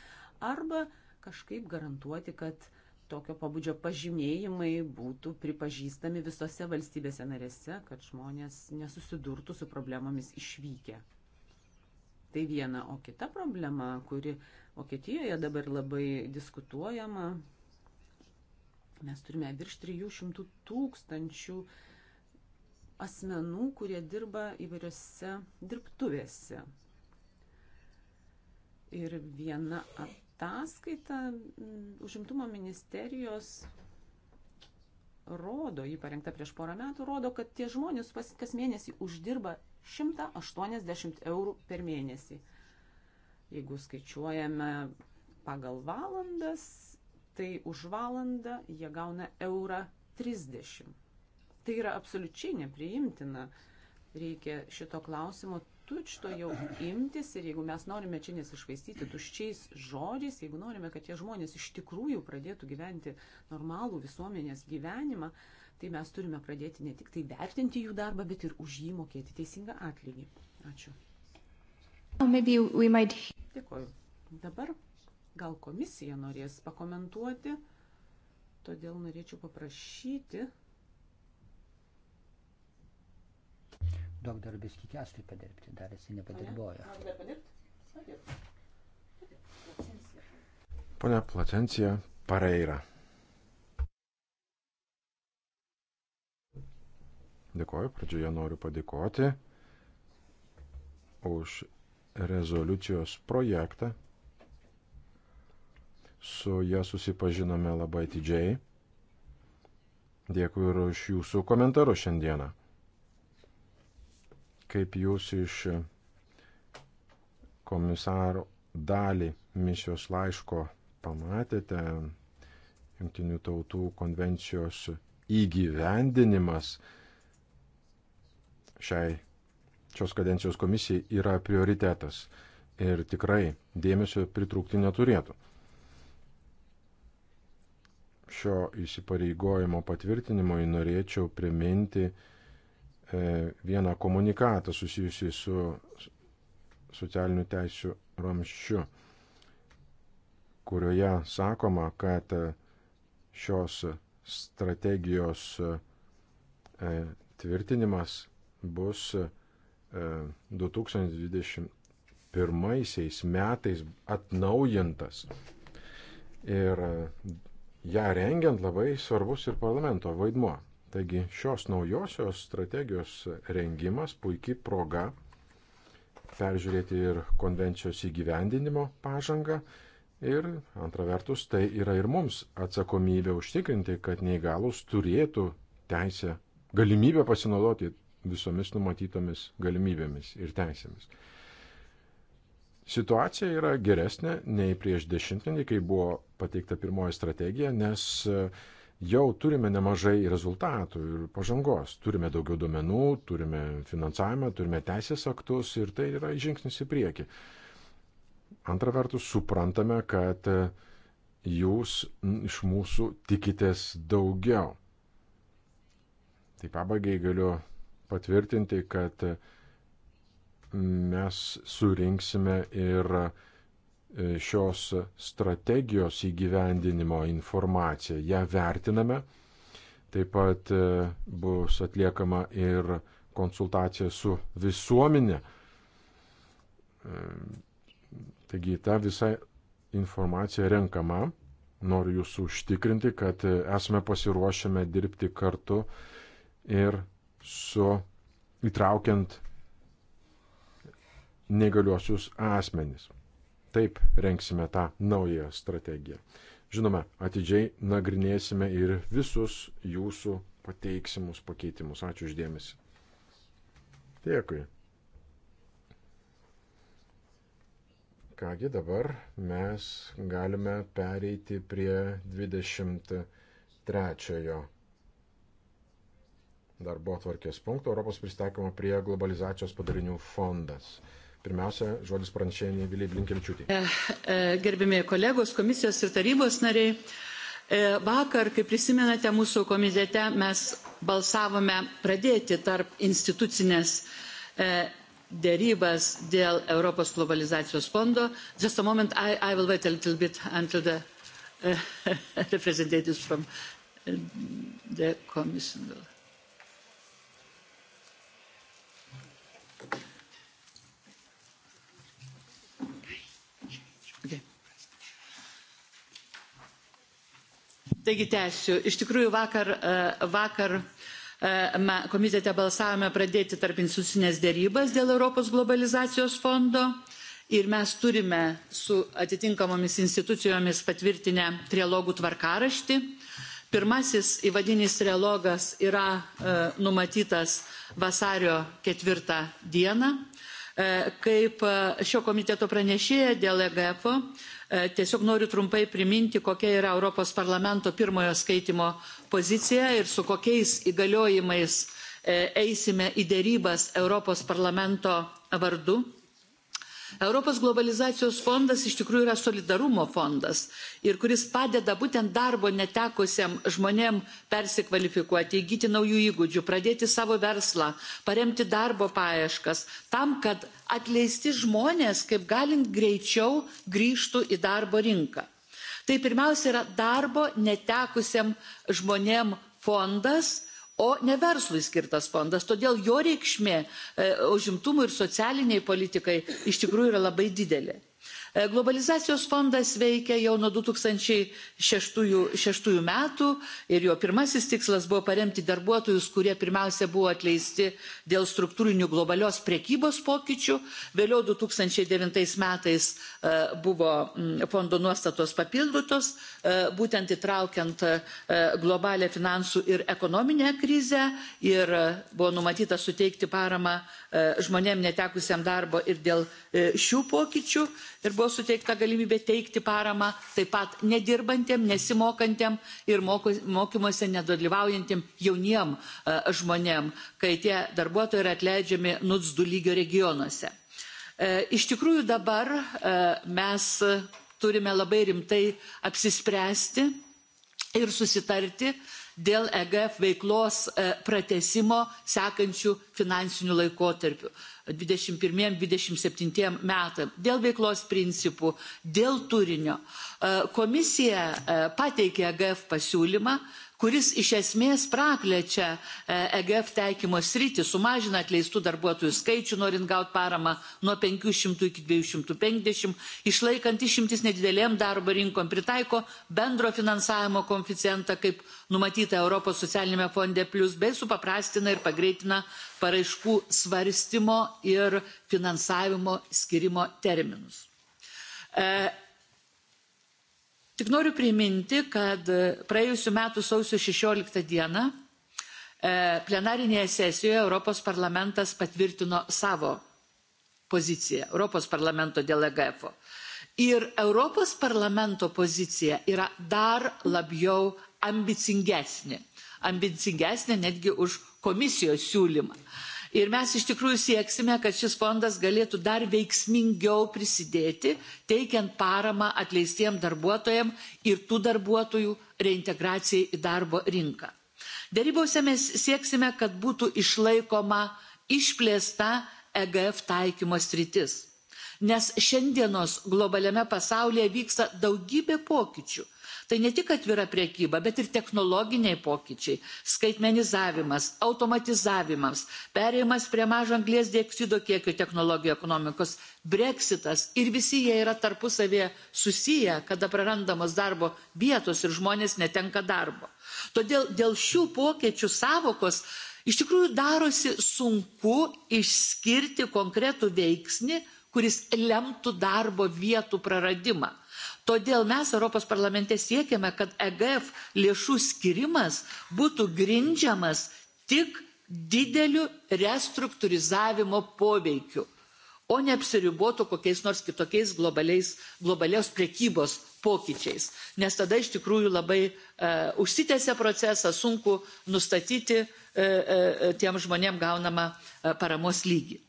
arba kažkaip garantuoti, kad tokio pabudžio pažymėjimai būtų pripažįstami visose valstybėse narėse, kad žmonės nesusidurtų su problemomis išvykę. Tai viena, o kita problema, kuri Vokietijoje dabar labai diskutuojama, mes turime virš 300 tūkstančių asmenų, kurie dirba įvairiose dirbtuvėse. Ir viena ataskaita mm, užimtumo ministerijos rodo, jį parengta prieš porą metų, rodo, kad tie žmonės kas mėnesį uždirba 180 eurų per mėnesį. Jeigu skaičiuojame pagal valandas, tai už valandą jie gauna eurą 30. Tai yra absoliučiai nepriimtina. Reikia šito klausimo tučto jau imtis ir jeigu mes norime čia nesišvaistyti tuščiais žodžiais, jeigu norime, kad tie žmonės iš tikrųjų pradėtų gyventi normalų visuomenės gyvenimą, tai mes turime pradėti ne tik tai vertinti jų darbą, bet ir už jį mokėti teisingą atlygį. Ačiū. Might... Dėkuoju. Dabar gal komisija norės pakomentuoti, todėl norėčiau paprašyti daug darbės kikęstai padirbti, dar esi nepadirbojo. Pone Placencija, pareira. Dėkoju, pradžioje noriu padėkoti už rezoliucijos projektą. Su ją susipažinome labai didžiai. Dėkui ir už jūsų komentarus šiandieną kaip jūs iš komisaro dalį misijos laiško pamatėte, Junktinių tautų konvencijos įgyvendinimas šiai šios kadencijos komisijai yra prioritetas ir tikrai dėmesio pritrūkti neturėtų. Šio įsipareigojimo patvirtinimui norėčiau priminti, E, vieną komunikatą susijusi su socialinių teisių ramščiu, kurioje sakoma, kad šios strategijos e, tvirtinimas bus 2021 e, metais atnaujintas. Ir ją rengiant labai svarbus ir parlamento vaidmuo. Taigi šios naujosios strategijos rengimas puikiai proga peržiūrėti ir konvencijos įgyvendinimo pažangą ir antra vertus tai yra ir mums atsakomybė užtikrinti, kad neįgalus turėtų teisę, galimybę pasinaudoti visomis numatytomis galimybėmis ir teisėmis. Situacija yra geresnė nei prieš dešimtmetį, kai buvo pateikta pirmoji strategija, nes jau turime nemažai rezultatų ir pažangos. Turime daugiau duomenų, turime finansavimą, turime teisės aktus ir tai yra žingsnis į priekį. Antra vertus, suprantame, kad e, jūs iš mūsų tikitės daugiau. Tai pabaigai galiu patvirtinti, kad mes surinksime ir E, šios strategijos įgyvendinimo informaciją, ją vertiname. Taip pat e, bus atliekama ir konsultacija su visuomenė. E, taigi ta visa informacija renkama. Noriu jūs užtikrinti, kad esame pasiruošę dirbti kartu ir su įtraukiant negaliuosius asmenis. Taip renksime tą naują strategiją. Žinoma, atidžiai nagrinėsime ir visus jūsų pateiksimus pakeitimus. Ačiū uždėmesi. Dėkui. Kągi dabar mes galime pereiti prie 23 darbo atvarkės punkto Europos pristaikymo prie globalizacijos padarinių fondas. Pirmiausia, žodis pranešėjai Neviliai Blinkevičiūtė. E, e, Gerbimieji kolegos, komisijos ir tarybos nariai, e, vakar, kaip prisimenate, mūsų komitete mes balsavome pradėti tarp institucinės dėrybas dėl Europos globalizacijos fondo. Just a moment, I, I will wait a little bit until the representatives from the commission will Taigi tęsiu. Iš tikrųjų vakar, e, vakar e, komitete balsavome pradėti tarp institucinės dėrybas dėl Europos globalizacijos fondo ir mes turime su atitinkamomis institucijomis patvirtinę trialogų tvarkaraštį. Pirmasis įvadinis trialogas yra e, numatytas vasario ketvirtą dieną. Kaip šio komiteto pranešėja dėl EGF E, tiesiog noriu trumpai priminti, kokia yra Europos parlamento pirmojo skaitimo pozicija ir su kokiais įgaliojimais e, eisime į dėrybas Europos parlamento vardu. Europos globalizacijos fondas iš tikrųjų yra solidarumo fondas ir kuris padeda būtent darbo netekusiam žmonėm persikvalifikuoti, įgyti naujų įgūdžių, pradėti savo verslą, paremti darbo paieškas, tam, kad atleisti žmonės kaip galint greičiau grįžtų į darbo rinką. Tai pirmiausia yra darbo netekusiam žmonėm fondas o ne verslui skirtas fondas. Todėl jo reikšmė e, užimtumui ir socialiniai politikai iš tikrųjų yra labai didelė. E, globalizacijos fondas veikia jau nuo 2006 metų ir jo pirmasis tikslas buvo paremti darbuotojus, kurie pirmiausia buvo atleisti dėl struktūrinių globalios prekybos pokyčių. Vėliau 2009 metais e, buvo fondo nuostatos papildytos, e, būtent įtraukiant globalę finansų ir ekonominę krizę ir buvo numatyta suteikti paramą žmonėm netekusiam darbo ir dėl šių pokyčių. Ir buvo suteikta galimybė teikti paramą taip pat nedirbantiem, nesimokantiem ir mokymuose nedalyvaujantiem jauniem e, žmonėm, kai tie darbuotojai yra atleidžiami NUTS 2 lygio regionuose. E, iš tikrųjų dabar e, mes turime labai rimtai apsispręsti ir susitarti, dėl EGF veiklos e, pratesimo sekančių finansinių laikotarpių. 21-27 metam, dėl veiklos principų, dėl turinio. E, komisija e, pateikė AGF pasiūlymą, kuris iš esmės praplečia EGF e taikymo sritį, sumažina atleistų darbuotojų skaičių, norint gauti paramą nuo 500 iki 250, išlaikant išimtis nedidelėm darbo rinkom, pritaiko bendro finansavimo koeficientą, kaip numatyta Europos socialinėme fonde plus, bei supaprastina ir pagreitina paraiškų svarstymo ir finansavimo skirimo terminus. E, Tik noriu priminti, kad e, praėjusiu metu sausio 16 dieną e, plenarinėje sesijoje Europos parlamentas patvirtino savo poziciją Europos parlamento dėl EGF. -o. Ir Europos parlamento pozicija yra dar labiau ambicingesnė. Ambicingesnė netgi už komisijos siūlymą. Ir mes iš tikrųjų sieksime, kad šis fondas galėtų dar veiksmingiau prisidėti, teikiant paramą atleistiem darbuotojam ir tų darbuotojų reintegracijai į darbo rinką. Darybose mes sieksime, kad būtų išlaikoma išplėsta EGF taikymo sritis. Nes šiandienos globaliame pasaulyje vyksta daugybė pokyčių Tai ne tik atvira priekyba, bet ir technologiniai pokyčiai, skaitmenizavimas, automatizavimas, perėjimas prie mažo anglės dioksido kiekio technologijų ekonomikos, breksitas ir visi jie yra tarpusavėje susiję, kada prarandamos darbo vietos ir žmonės netenka darbo. Todėl dėl šių pokyčių savokos iš tikrųjų darosi sunku išskirti konkretų veiksnį, kuris lemtų darbo vietų praradimą. Todėl mes Europos parlamente siekiame, kad EGF lėšų skirimas būtų grindžiamas tik dideliu restruktūrizavimo poveikiu, o neapsiribotų kokiais nors kitokiais globalios prekybos pokyčiais. Nes tada iš tikrųjų labai e, užsitęsia procesą, sunku nustatyti e, e, tiem žmonėm gaunamą e, paramos lygį.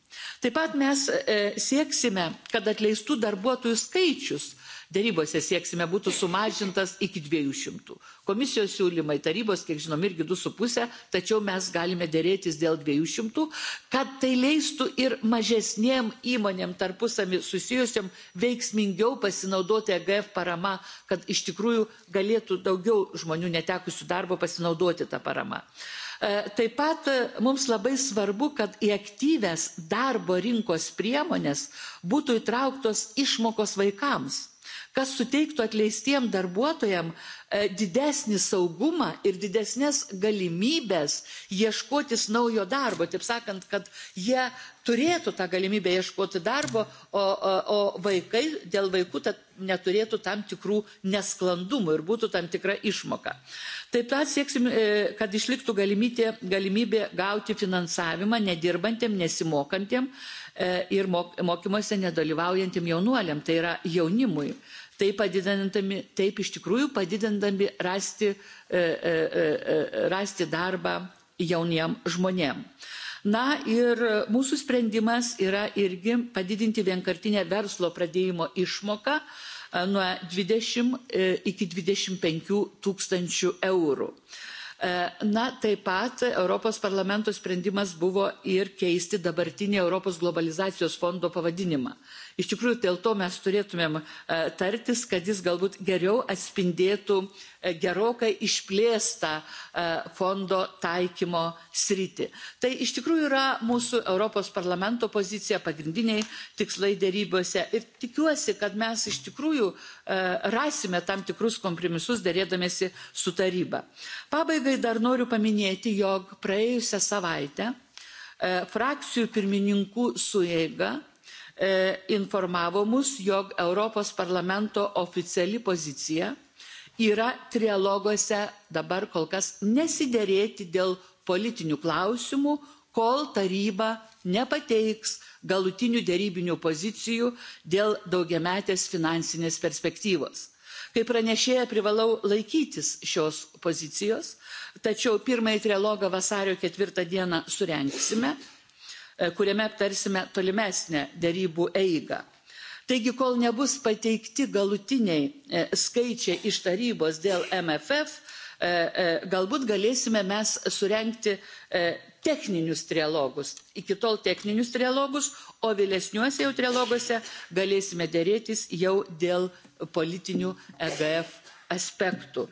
Taip pat mes e, sieksime, kad atleistų darbuotojų skaičius derybose sieksime būtų sumažintas iki dviejų šimtų komisijos siūlymai tarybos kiek žinom irgi du su puse tačiau mes galime derėtis dėl dviejų šimtų kad tai leistų ir mažesnėm įmonėm tarpusavy susijusiom veiksmingiau pasinaudoti egf parama kad iš tikrųjų galėtų daugiau žmonių netekusių darbo pasinaudoti ta parama. E, taip pat e, mums labai svarbu, kad į aktyves darbo rinkos priemonės būtų įtrauktos išmokos vaikams kas suteiktų atleistiem darbuotojam e, didesnį saugumą ir didesnės galimybės ieškotis naujo darbo. Taip sakant, kad jie turėtų tą galimybę ieškoti darbo, o, o, o vaikai dėl vaikų neturėtų tam tikrų nesklandumų ir būtų tam tikra išmoka. Taip pat sieksim, e, kad išliktų galimybė, galimybė gauti finansavimą nedirbantiem, nesimokantiem e, ir mokymuose nedalyvaujantiem jaunuoliam, tai yra jaunimui taip, taip iš tikrųjų padidindami rasti, e, e, e, rasti darbą jauniem žmonėm. Na ir mūsų sprendimas yra irgi padidinti vienkartinę verslo pradėjimo išmoką nuo 20 iki 25 tūkstančių eurų. Na, taip pat Europos parlamento sprendimas buvo ir keisti dabartinį Europos globalizacijos fondo pavadinimą. Iš tikrųjų, dėl to mes turėtumėm e, tartis, kad jis galbūt geriau atspindėtų e, gerokai išplėstą e, fondo taikymo sritį. Tai iš tikrųjų yra mūsų Europos parlamento pozicija, pagrindiniai tikslai dėrybose ir tikiuosi, kad mes iš tikrųjų rasime tam tikrus kompromisus dėrėdamėsi su taryba. Pabaigai dar noriu paminėti, jog praėjusią savaitę frakcijų pirmininkų sueiga E, informavo mus, jog Europos parlamento oficiali pozicija yra trialoguose dabar kol kas nesiderėti dėl politinių klausimų, kol taryba nepateiks galutinių dėrybinių pozicijų dėl daugiametės finansinės perspektyvos. Kaip pranešėja privalau laikytis šios pozicijos, tačiau pirmąjį trilogą vasario ketvirtą dieną surenksime E, kuriame aptarsime tolimesnę dėrybų eigą. Taigi, kol nebus pateikti galutiniai e, skaičiai iš tarybos dėl MFF, e, galbūt galėsime mes surenkti techninius trialogus. Iki tol techninius trialogus, o vėlesniuose jau trialoguose galėsime dėrėtis jau dėl politinių EGF aspektų.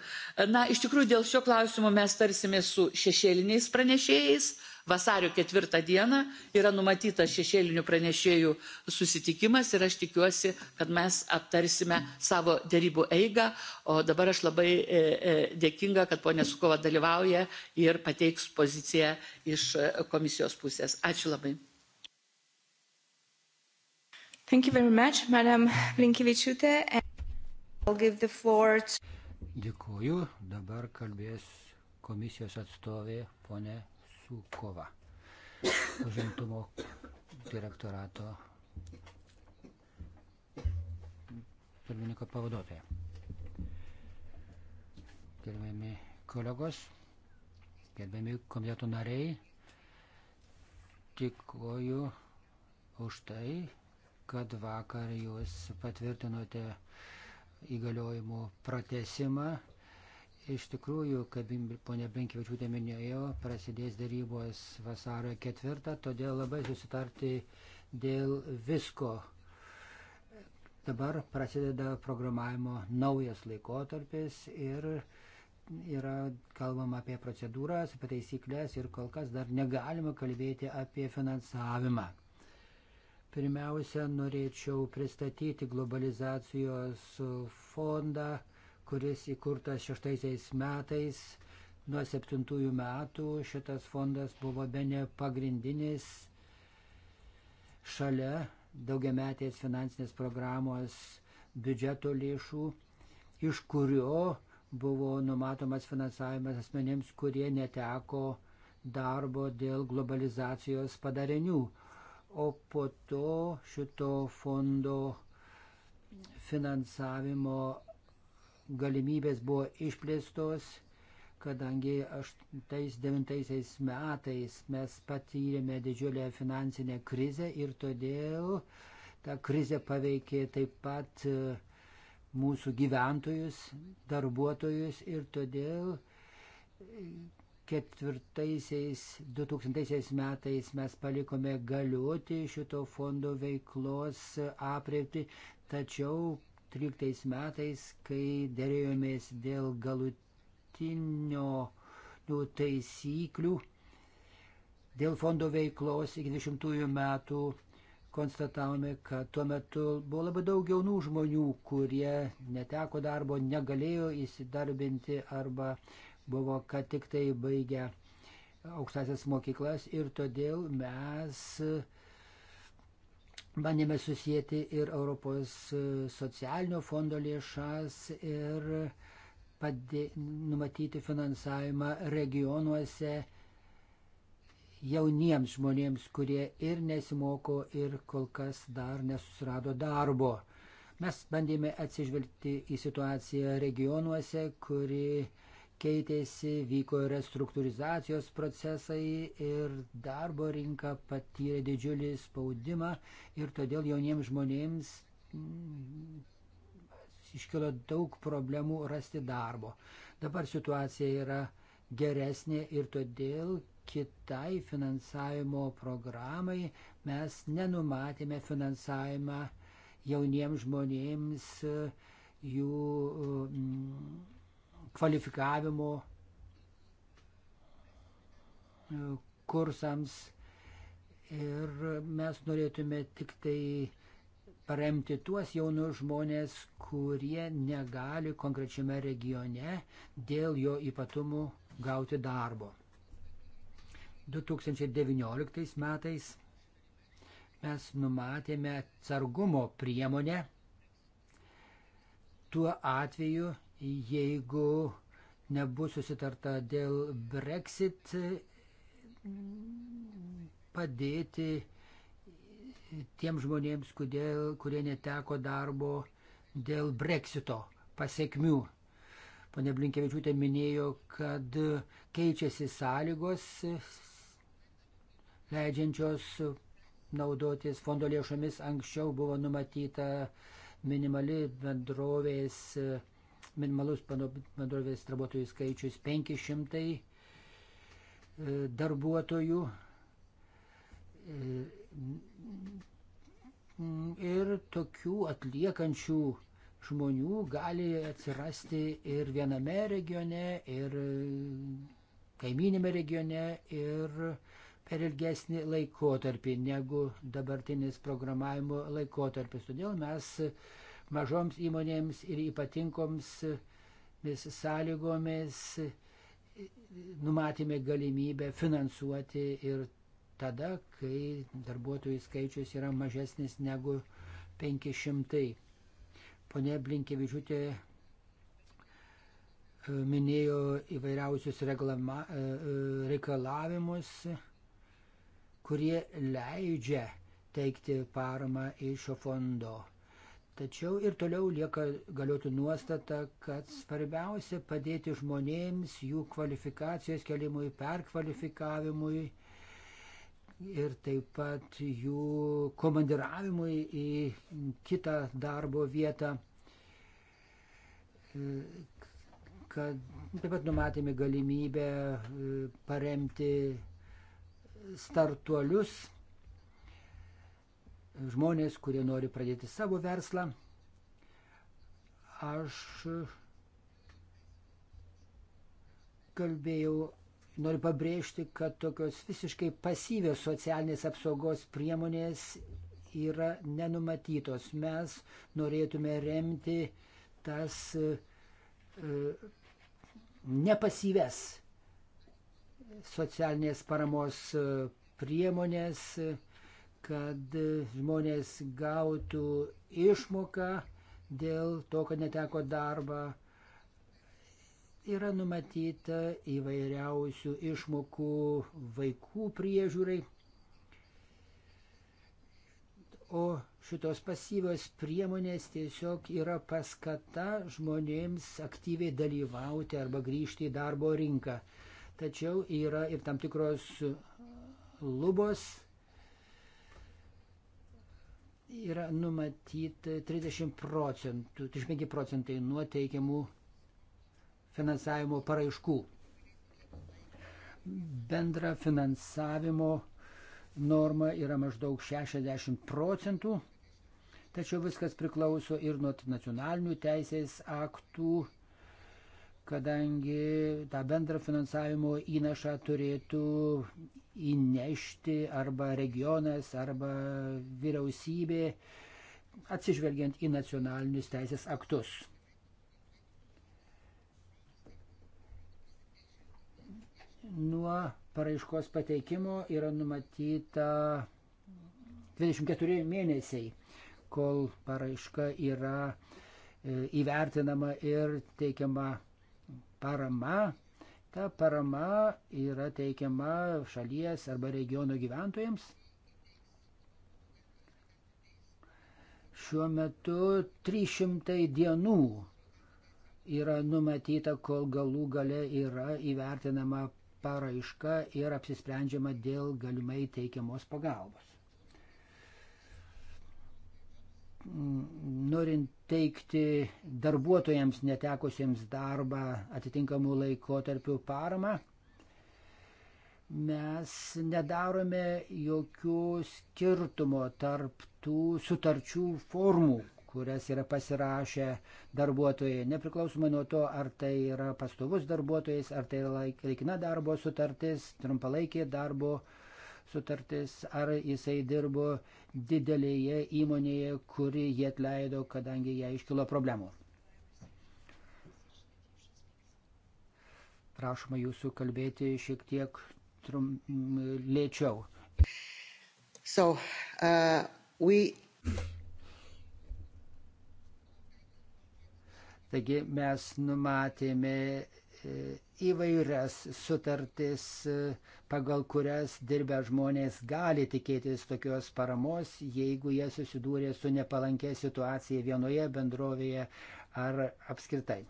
Na, iš tikrųjų, dėl šio klausimo mes tarsime su šešėliniais pranešėjais vasario ketvirtą dieną yra numatytas šešėlinių pranešėjų susitikimas ir aš tikiuosi kad mes aptarsime savo derybų eigą o dabar aš labai e, e, dėkinga kad ponia sukova dalyvauja ir pateiks poziciją iš e, komisijos pusės. ačiū labai. Thank you very much, Madam Blinkevičiūtė. And I'll give the floor to... Dėkuoju. Dabar kalbės komisijos atstovė ponė teisų kova. Užimtumo direktorato pirmininko pavaduotoja. Gerbiami kolegos, gerbiami komiteto nariai, tikuoju už tai, kad vakar jūs patvirtinote įgaliojimų pratesimą Iš tikrųjų, kaip ponia Blinkevičiūtė minėjo, prasidės darybos vasario ketvirtą, todėl labai susitarti dėl visko. Dabar prasideda programavimo naujas laikotarpis ir yra kalbama apie procedūras, apie taisyklės ir kol kas dar negalima kalbėti apie finansavimą. Pirmiausia, norėčiau pristatyti globalizacijos fondą kuris įkurtas šeštaisiais metais. Nuo septintųjų metų šitas fondas buvo be ne pagrindinis šalia daugiametės finansinės programos biudžeto lėšų, iš kurio buvo numatomas finansavimas asmenėms, kurie neteko darbo dėl globalizacijos padarinių. O po to šito fondo finansavimo galimybės buvo išplėstos, kadangi 89 metais mes patyrėme didžiulę finansinę krizę ir todėl ta krizė paveikė taip pat e, mūsų gyventojus, darbuotojus ir todėl e, ketvirtaisiais, 2000 metais mes palikome galioti šito fondo veiklos apreipti, tačiau 13 metais, kai dėrėjomės dėl galutinio taisyklių, dėl fondo veiklos iki 20 metų konstatavome, kad tuo metu buvo labai daug jaunų žmonių, kurie neteko darbo, negalėjo įsidarbinti arba buvo ką tik tai baigę aukštasias mokyklas ir todėl mes uh, bandėme susijęti ir Europos e, socialinio fondo lėšas ir padė, numatyti finansavimą regionuose jauniems žmonėms, kurie ir nesimoko ir kol kas dar nesusirado darbo. Mes bandėme atsižvelgti į situaciją regionuose, kuri keitėsi, vyko restruktūrizacijos procesai ir darbo rinka patyrė didžiulį spaudimą ir todėl jauniems žmonėms mm, iškilo daug problemų rasti darbo. Dabar situacija yra geresnė ir todėl kitai finansavimo programai mes nenumatėme finansavimą jauniems žmonėms jų mm, kvalifikavimo e, kursams ir mes norėtume tik tai paremti tuos jaunus žmonės, kurie negali konkrečiame regione dėl jo ypatumų gauti darbo. 2019 metais mes numatėme atsargumo priemonę tuo atveju, jeigu nebus susitarta dėl Brexit, padėti tiem žmonėms, kurie, kurie neteko darbo dėl Brexito pasiekmių. Pane Blinkevičiūtė minėjo, kad keičiasi sąlygos leidžiančios naudotis fondo lėšomis. Anksčiau buvo numatyta minimali bendrovės minimalus bendrovės darbuotojų skaičius 500 e, darbuotojų. E, ir tokių atliekančių žmonių gali atsirasti ir viename regione, ir kaiminėme regione, ir per ilgesnį laikotarpį negu dabartinis programavimo laikotarpis. Todėl mes uh, mažoms įmonėms ir ypatingoms e, sąlygomis e, numatėme galimybę finansuoti ir tada, kai darbuotojų skaičius yra mažesnis negu 500. Pone Blinkevičiūtė e, minėjo įvairiausius reglama, reikalavimus, kurie leidžia teikti paramą iš šio fondo. Tačiau ir toliau lieka galioti nuostata, kad svarbiausia padėti žmonėms jų kvalifikacijos kelimui, perkvalifikavimui ir taip pat jų komandiravimui į kitą darbo vietą. Kad taip pat numatėme galimybę paremti startuolius žmonės, kurie nori pradėti savo verslą. Aš kalbėjau, noriu pabrėžti, kad tokios visiškai pasyvios socialinės apsaugos priemonės yra nenumatytos. Mes norėtume remti tas e, nepasyves socialinės paramos e, priemonės, kad žmonės gautų išmoką dėl to, kad neteko darbą. Yra numatyta įvairiausių išmokų vaikų priežiūrai. O šitos pasyvios priemonės tiesiog yra paskata žmonėms aktyviai dalyvauti arba grįžti į darbo rinką. Tačiau yra ir tam tikros lubos, yra numatyti 30 procentų, 35 procentai nuo teikiamų finansavimo paraiškų. Bendra finansavimo norma yra maždaug 60 procentų, tačiau viskas priklauso ir nuo nacionalinių teisės aktų kadangi tą bendrą finansavimo įnašą turėtų įnešti arba regionas, arba vyriausybė, atsižvelgiant į nacionalinius teisės aktus. Nuo paraiškos pateikimo yra numatyta 24 mėnesiai, kol paraiška yra e, įvertinama ir teikiama parama. Ta parama yra teikiama šalies arba regiono gyventojams. Šiuo metu 300 dienų yra numatyta, kol galų gale yra įvertinama paraiška ir apsisprendžiama dėl galimai teikiamos pagalbos. norint teikti darbuotojams netekusiems darbą atitinkamų laikotarpių paramą, mes nedarome jokių skirtumo tarp tų sutarčių formų, kurias yra pasirašę darbuotojai, nepriklausomai nuo to, ar tai yra pastovus darbuotojas, ar tai yra laikina darbo sutartis, trumpalaikė darbo sutartis sutartis, ar jisai dirbo didelėje įmonėje, kuri jie atleido, kadangi jai iškilo problemų. Prašoma jūsų kalbėti šiek tiek trum, lėčiau. So, uh, we... Taigi mes numatėme e, įvairias sutartis, pagal kurias dirbę žmonės gali tikėtis tokios paramos, jeigu jie susidūrė su nepalankė situacija vienoje bendrovėje ar apskritai.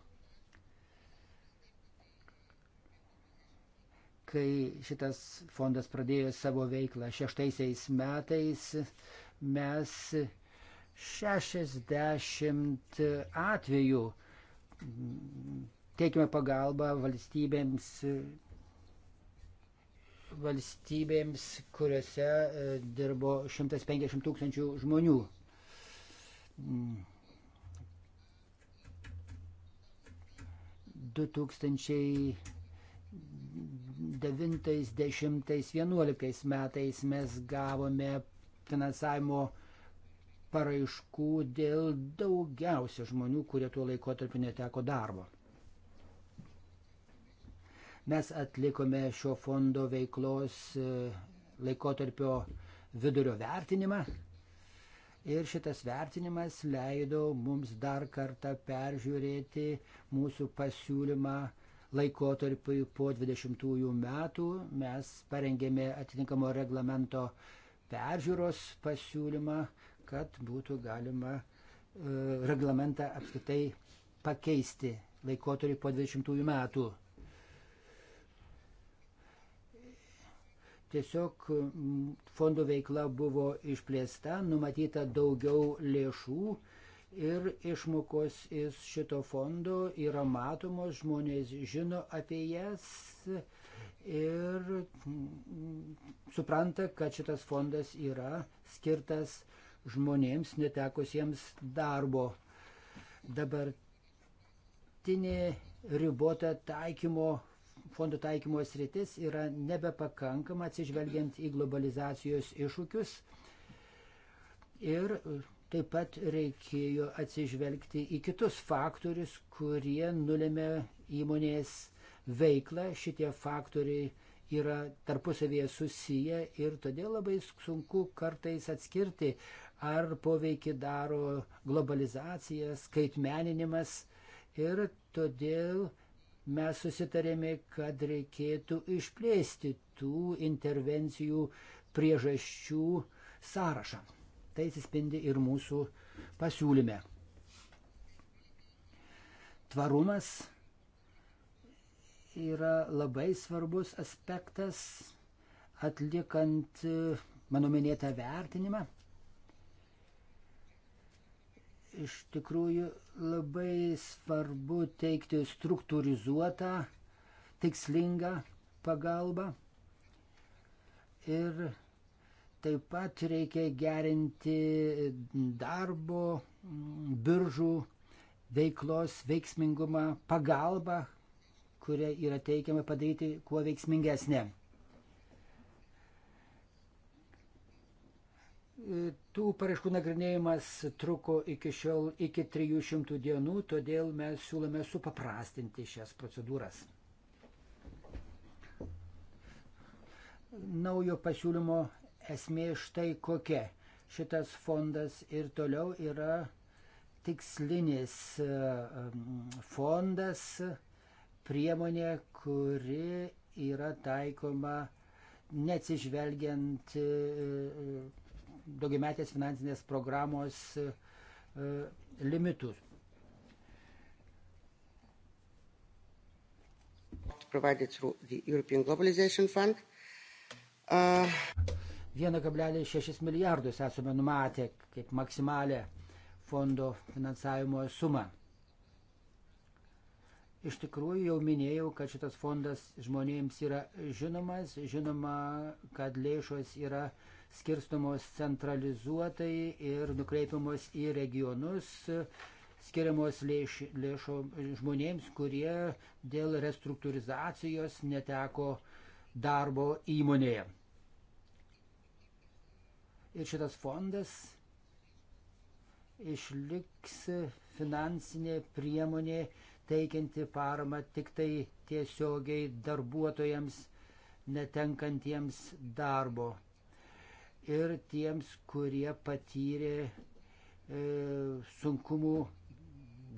Kai šitas fondas pradėjo savo veiklą šeštaisiais metais, mes 60 atvejų teikiame pagalbą valstybėms, valstybėms kuriuose e, dirbo 150 tūkstančių žmonių. Mm. 2009-2011 metais mes gavome finansavimo paraiškų dėl daugiausia žmonių, kurie tuo laikotarpiu neteko darbo. Mes atlikome šio fondo veiklos e, laikotarpio vidurio vertinimą ir šitas vertinimas leido mums dar kartą peržiūrėti mūsų pasiūlymą laikotarpiui po 20 metų. Mes parengėme atitinkamo reglamento peržiūros pasiūlymą, kad būtų galima e, reglamentą apskritai pakeisti laikotarpį po 20 metų. Tiesiog fondo veikla buvo išplėsta, numatyta daugiau lėšų ir išmokos iš šito fondo yra matomos, žmonės žino apie jas ir supranta, kad šitas fondas yra skirtas žmonėms netekusiems darbo. Dabartinė ribota taikymo fondų taikymo sritis yra nebepakankama atsižvelgiant į globalizacijos iššūkius. Ir taip pat reikėjo atsižvelgti į kitus faktorius, kurie nulėmė įmonės veiklą. Šitie faktoriai yra tarpusavėje susiję ir todėl labai sunku kartais atskirti, ar poveikį daro globalizacija, skaitmeninimas. Ir todėl mes susitarėme, kad reikėtų išplėsti tų intervencijų priežasčių sąrašą. Tai atsispindi ir mūsų pasiūlyme. Tvarumas yra labai svarbus aspektas atliekant e, mano minėtą vertinimą. Iš tikrųjų, Labai svarbu teikti struktūrizuotą, tikslingą pagalbą. Ir taip pat reikia gerinti darbo biržų veiklos veiksmingumą, pagalbą, kuria yra teikiama padaryti kuo veiksmingesnė. Tų paraiškų nagrinėjimas truko iki šiol iki 300 dienų, todėl mes siūlome supaprastinti šias procedūras. Naujo pasiūlymo esmė štai kokia. Šitas fondas ir toliau yra tikslinis e, fondas, priemonė, kuri yra taikoma neatsižvelgiant e, e, daugiametės finansinės programos e, e, limitus. provided through the European Globalization Fund. Uh, 1,6 milijardus esame numatę kaip maksimalę fondo finansavimo sumą. Iš tikrųjų jau minėjau, kad šitas fondas žmonėms yra žinomas, žinoma, kad lėšos yra uh, skirstomos centralizuotai ir nukreipiamos į regionus, skiriamos lėš, lėšo žmonėms, kurie dėl restruktūrizacijos neteko darbo įmonėje. Ir šitas fondas išliks finansinė priemonė teikianti paramą tik tai tiesiogiai darbuotojams netenkantiems darbo ir tiems, kurie patyrė e, sunkumų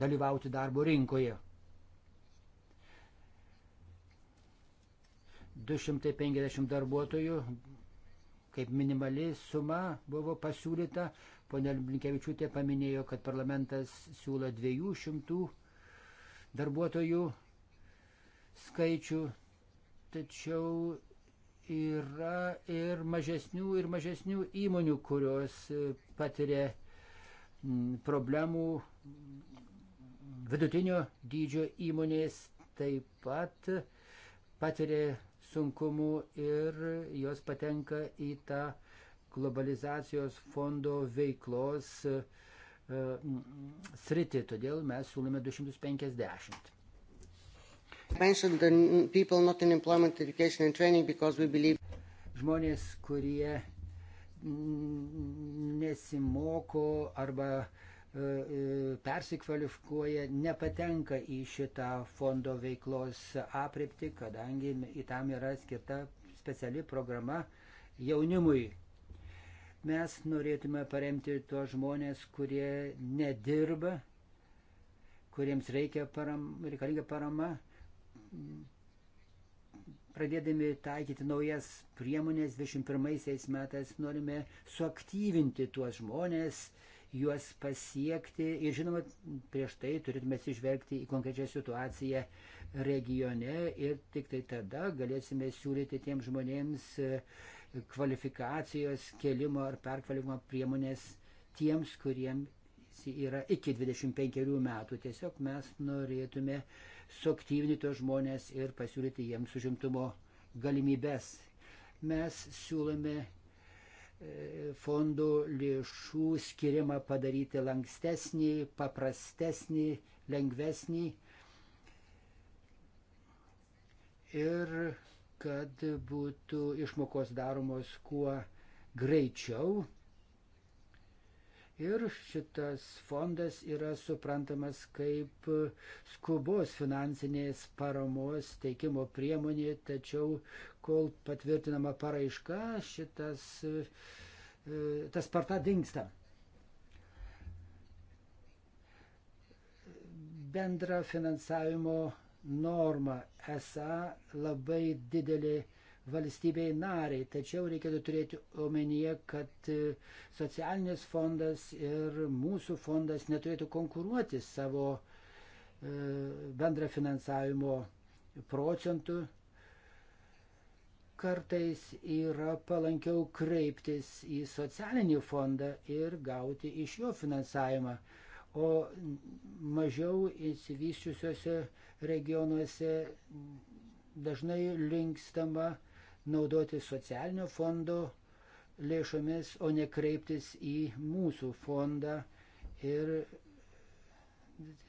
dalyvauti darbo rinkoje. 250 darbuotojų kaip minimali suma buvo pasiūlyta. Pone Blinkevičiūtė paminėjo, kad parlamentas siūlo 200 darbuotojų skaičių, tačiau yra ir mažesnių ir mažesnių įmonių, kurios e, patiria problemų vidutinio dydžio įmonės taip pat patiria sunkumų ir jos patenka į tą globalizacijos fondo veiklos e, sritį. Todėl mes siūlome 250. Žmonės, kurie nesimoko arba e, e, persikvalifikuoja, nepatenka į šitą fondo veiklos aprepti, kadangi į tam yra skirta speciali programa jaunimui. Mes norėtume paremti tuos žmonės, kurie nedirba, kuriems reikia param, reikalinga parama pradėdami taikyti naujas priemonės 21 metais norime suaktyvinti tuos žmonės, juos pasiekti ir žinoma, prieš tai turėtume atsižvelgti į konkrečią situaciją regione ir tik tai tada galėsime siūlyti tiem žmonėms e, kvalifikacijos, kelimo ar perkvalimo priemonės tiems, kuriems yra iki 25 metų. Tiesiog mes norėtume uh, suaktyvinti tos žmonės ir pasiūlyti jiems užimtumo galimybės. Mes siūlome e, fondų lėšų skirimą padaryti lankstesnį, paprastesnį, lengvesnį ir kad būtų išmokos daromos kuo greičiau Ir šitas fondas yra suprantamas kaip skubos finansinės paramos teikimo priemonė, tačiau kol patvirtinama paraiška, šitas e, tas sparta dinksta. Bendra finansavimo norma esą labai didelė valstybei nariai. Tačiau reikėtų turėti omenyje, kad e, socialinis fondas ir mūsų fondas neturėtų konkuruoti savo e, bendra finansavimo procentų. Kartais yra palankiau kreiptis į socialinį fondą ir gauti iš jo finansavimą o mažiau įsivyščiusiuose regionuose dažnai linkstama naudoti socialinio fondo lėšomis, o ne kreiptis į mūsų fondą. Ir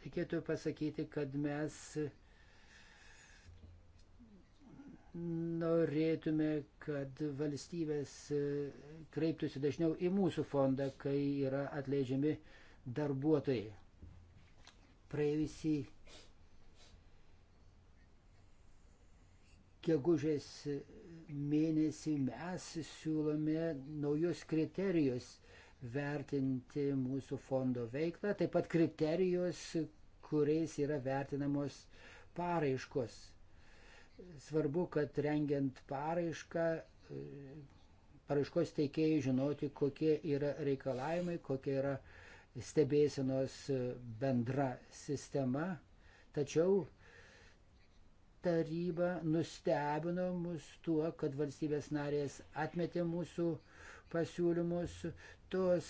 reikėtų pasakyti, kad mes norėtume, kad valstybės kreiptųsi dažniau į mūsų fondą, kai yra atleidžiami darbuotojai. Praėjusį gegužės mėnesį mes siūlome naujus kriterijus vertinti mūsų fondo veiklą, taip pat kriterijus, kuriais yra vertinamos paraiškos. Svarbu, kad rengiant paraišką, paraiškos teikėjai žinoti, kokie yra reikalavimai, kokia yra stebėsenos bendra sistema. Tačiau taryba nustebino mus tuo, kad valstybės narės atmetė mūsų pasiūlymus. Tos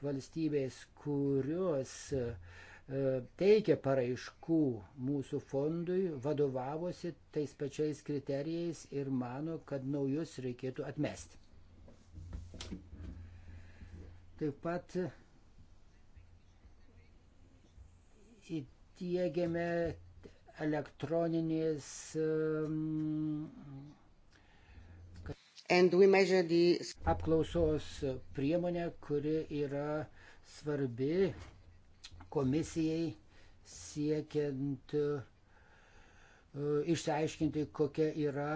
valstybės, kurios e, teikia paraiškų mūsų fondui, vadovavosi tais pačiais kriterijais ir mano, kad naujus reikėtų atmesti. Taip pat įtiegėme elektroninės. The... Apklausos priemonė, kuri yra svarbi komisijai siekiant e, išsiaiškinti, kokia yra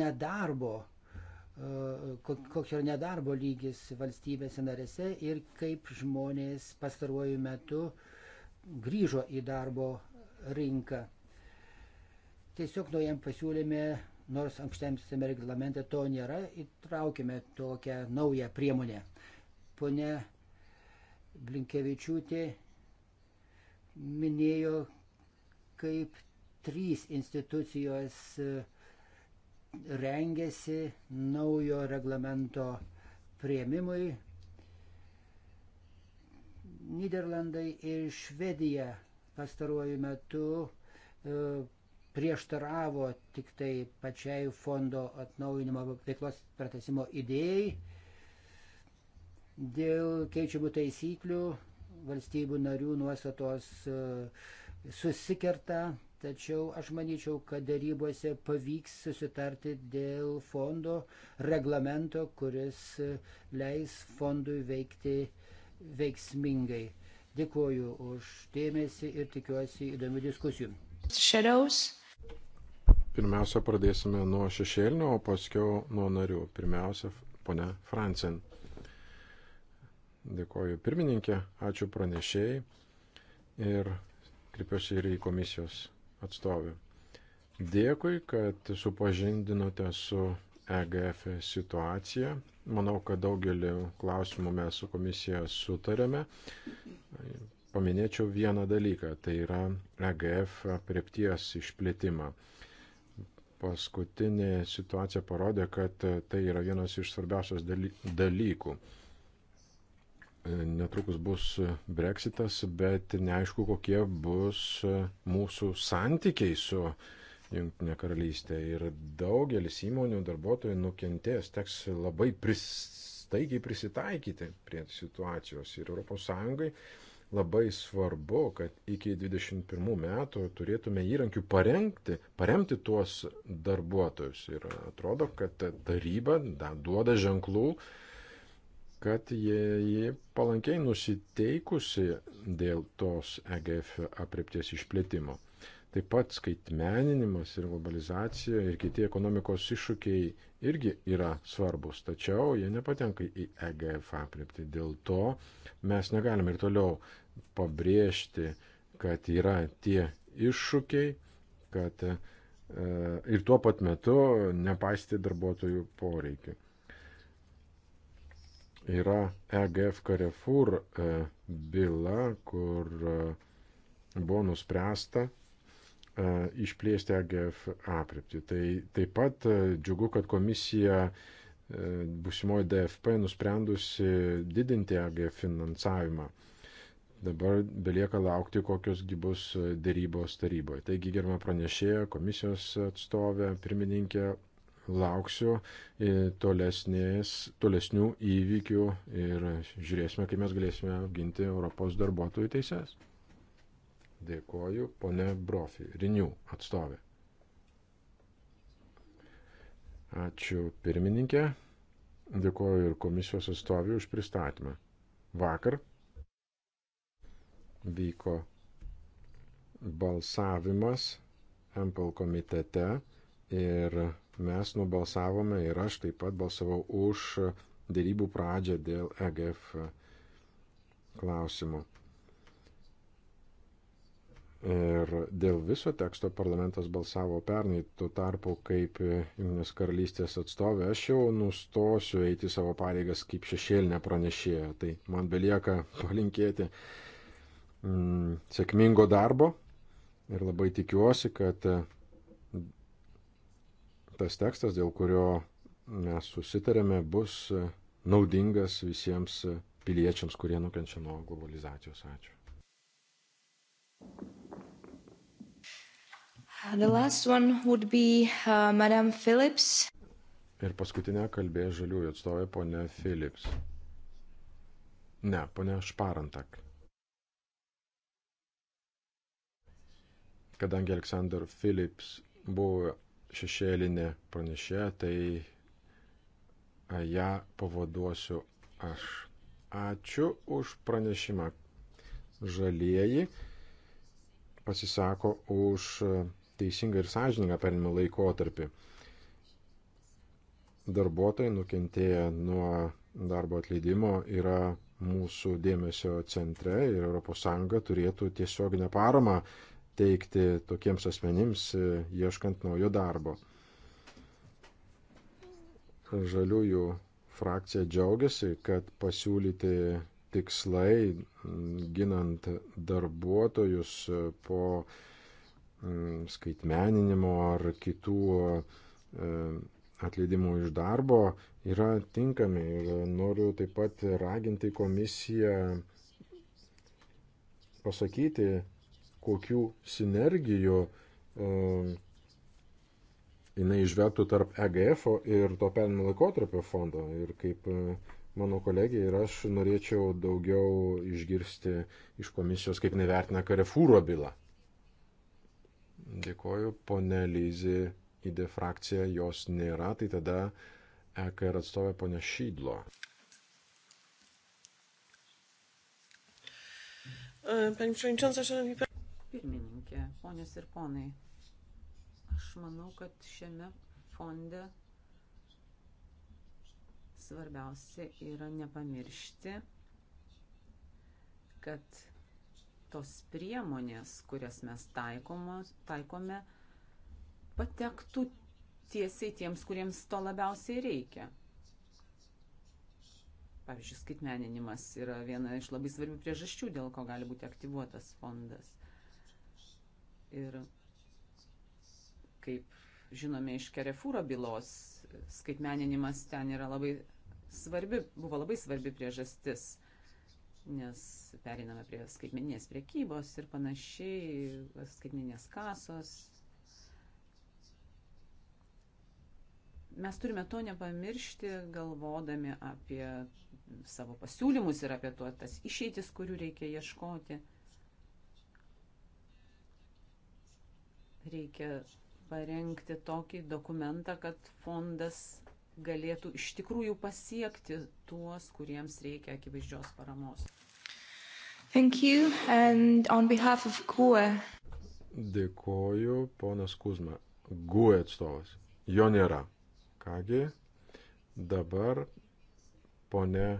nedarbo, e, koks yra nedarbo lygis valstybėse narėse ir kaip žmonės pastaruoju metu grįžo į darbo rinką. Tiesiog naujam pasiūlyme, nors ankštėmsiame reglamente to nėra, įtraukime tokią naują priemonę. Pone Blinkevičiūtė minėjo, kaip trys institucijos e, rengiasi naujo reglamento prieimimui. Niderlandai ir Švedija pastaruoju metu e, prieštaravo tik tai pačiai fondo atnaujinimo veiklos pratesimo idėjai. Dėl keičiamų taisyklių valstybių narių nuostatos e, susikerta, tačiau aš manyčiau, kad darybose pavyks susitarti dėl fondo reglamento, kuris e, leis fondui veikti veiksmingai. Dėkuoju už dėmesį ir tikiuosi įdomių diskusijų. Shadows. Pirmiausia, pradėsime nuo šešėlinio, o paskiau nuo narių. Pirmiausia, ponia Francen. Dėkoju pirmininkė, ačiū pranešėjai ir kreipiuosi ir į komisijos atstovę. Dėkui, kad supažindinote su EGF situacija. Manau, kad daugelį klausimų mes su komisija sutarėme. Paminėčiau vieną dalyką, tai yra EGF priepties išplėtimą paskutinė situacija parodė, kad tai yra vienas iš svarbiausios dalykų. Netrukus bus breksitas, bet neaišku, kokie bus mūsų santykiai su Junktinė karalystė. Ir daugelis įmonių darbuotojų nukentės, teks labai pris, staigiai prisitaikyti prie situacijos. Ir ES labai svarbu, kad iki 21 metų turėtume įrankių parengti, paremti tuos darbuotojus. Ir atrodo, kad taryba da, duoda ženklų, kad jie, jie palankiai nusiteikusi dėl tos EGF apriepties išplėtimo. Taip pat skaitmeninimas ir globalizacija ir kiti ekonomikos iššūkiai irgi yra svarbus, tačiau jie nepatenka į EGF apripti. Dėl to mes negalime ir toliau pabrėžti, kad yra tie iššūkiai, kad e, ir tuo pat metu nepaisti darbuotojų poreikių. Yra EGF Carrefour e, byla, kur e, buvo nuspręsta E, išplėsti AGF aprepti. Tai taip pat e, džiugu, kad komisija e, busimoji DFP nusprendusi didinti AGF finansavimą. Dabar belieka laukti, kokios gybos dėrybos taryboje. Taigi, gerbama pranešėja, komisijos atstovė, pirmininkė, lauksiu tolesnės, tolesnių įvykių ir žiūrėsime, kaip mes galėsime apginti Europos darbuotojų teises. Dėkoju, ponė Brofi, Rinių atstovė. Ačiū pirmininkė, dėkoju ir komisijos atstovė už pristatymą. Vakar vyko balsavimas MPL komitete ir mes nubalsavome ir aš taip pat balsavau už dėrybų pradžią dėl EGF klausimų. Ir dėl viso teksto parlamentas balsavo pernai, tuo tarpu kaip Junktinės karalystės atstovė, aš jau nustosiu eiti savo pareigas kaip šešėlinė pranešėja. Tai man belieka palinkėti mm, sėkmingo darbo ir labai tikiuosi, kad tas tekstas, dėl kurio mes susitarėme, bus naudingas visiems piliečiams, kurie nukenčia nuo globalizacijos. Ačiū. Uh, the last one would be uh, Madame Phillips. Ir paskutinę kalbėjo žaliųjų atstovė ponia Phillips. Ne, ponia Šparantak. Kadangi Aleksandr Phillips buvo šešėlinė pranešė, tai ją pavaduosiu aš. Ačiū už pranešimą. Žalieji pasisako už teisingą ir sąžiningą perinimo laikotarpį. Darbuotojai nukentėję nuo darbo atleidimo yra mūsų dėmesio centre ir ES turėtų tiesioginę paramą teikti tokiems asmenims e, ieškant naujo darbo. Žaliųjų frakcija džiaugiasi, kad pasiūlyti tikslai ginant darbuotojus e, po Mm, skaitmeninimo ar kitų e, atleidimų iš darbo yra tinkami. Ir noriu taip pat raginti komisiją pasakyti, kokių sinergijų e, jinai išvelgtų tarp EGF ir to perinio laikotarpio fondo. Ir kaip e, mano kolegė ir aš norėčiau daugiau išgirsti iš komisijos, kaip nevertina Karefūro bylą. Dėkoju, ponė Lyzi, ID frakcija jos nėra, tai tada EKR atstovė ponė Šydlo. E, Pirmininkė, ponios ir ponai, aš manau, kad šiame fonde svarbiausia yra nepamiršti, kad tos priemonės, kurias mes taikomos, taikome, patektų tiesiai tiems, kuriems to labiausiai reikia. Pavyzdžiui, skaitmeninimas yra viena iš labai svarbių priežasčių, dėl ko gali būti aktyvuotas fondas. Ir kaip žinome iš Kerefūro bylos, skaitmeninimas ten yra labai svarbi, buvo labai svarbi priežastis nes periname prie skaitmeninės priekybos ir panašiai, skaitmeninės kasos. Mes turime to nepamiršti, galvodami apie savo pasiūlymus ir apie tuo tas išeitis, kurių reikia ieškoti. Reikia parengti tokį dokumentą, kad fondas galėtų iš tikrųjų pasiekti tuos, kuriems reikia akivaizdžios paramos. Thank you. And on behalf of GUE. Dėkoju, ponas Kuzma. GUE atstovas. Jo nėra. Kągi, dabar ponia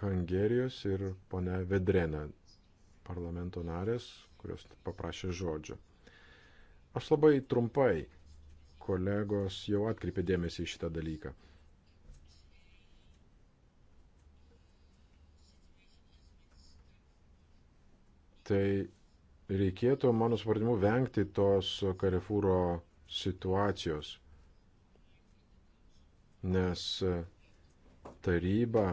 Hangerijos ir ponia Vedrena, parlamento narės, kurios paprašė žodžio. Aš labai trumpai, kolegos jau atkreipė dėmesį į šitą dalyką. tai reikėtų, mano supratimu, vengti tos karefūro situacijos, nes taryba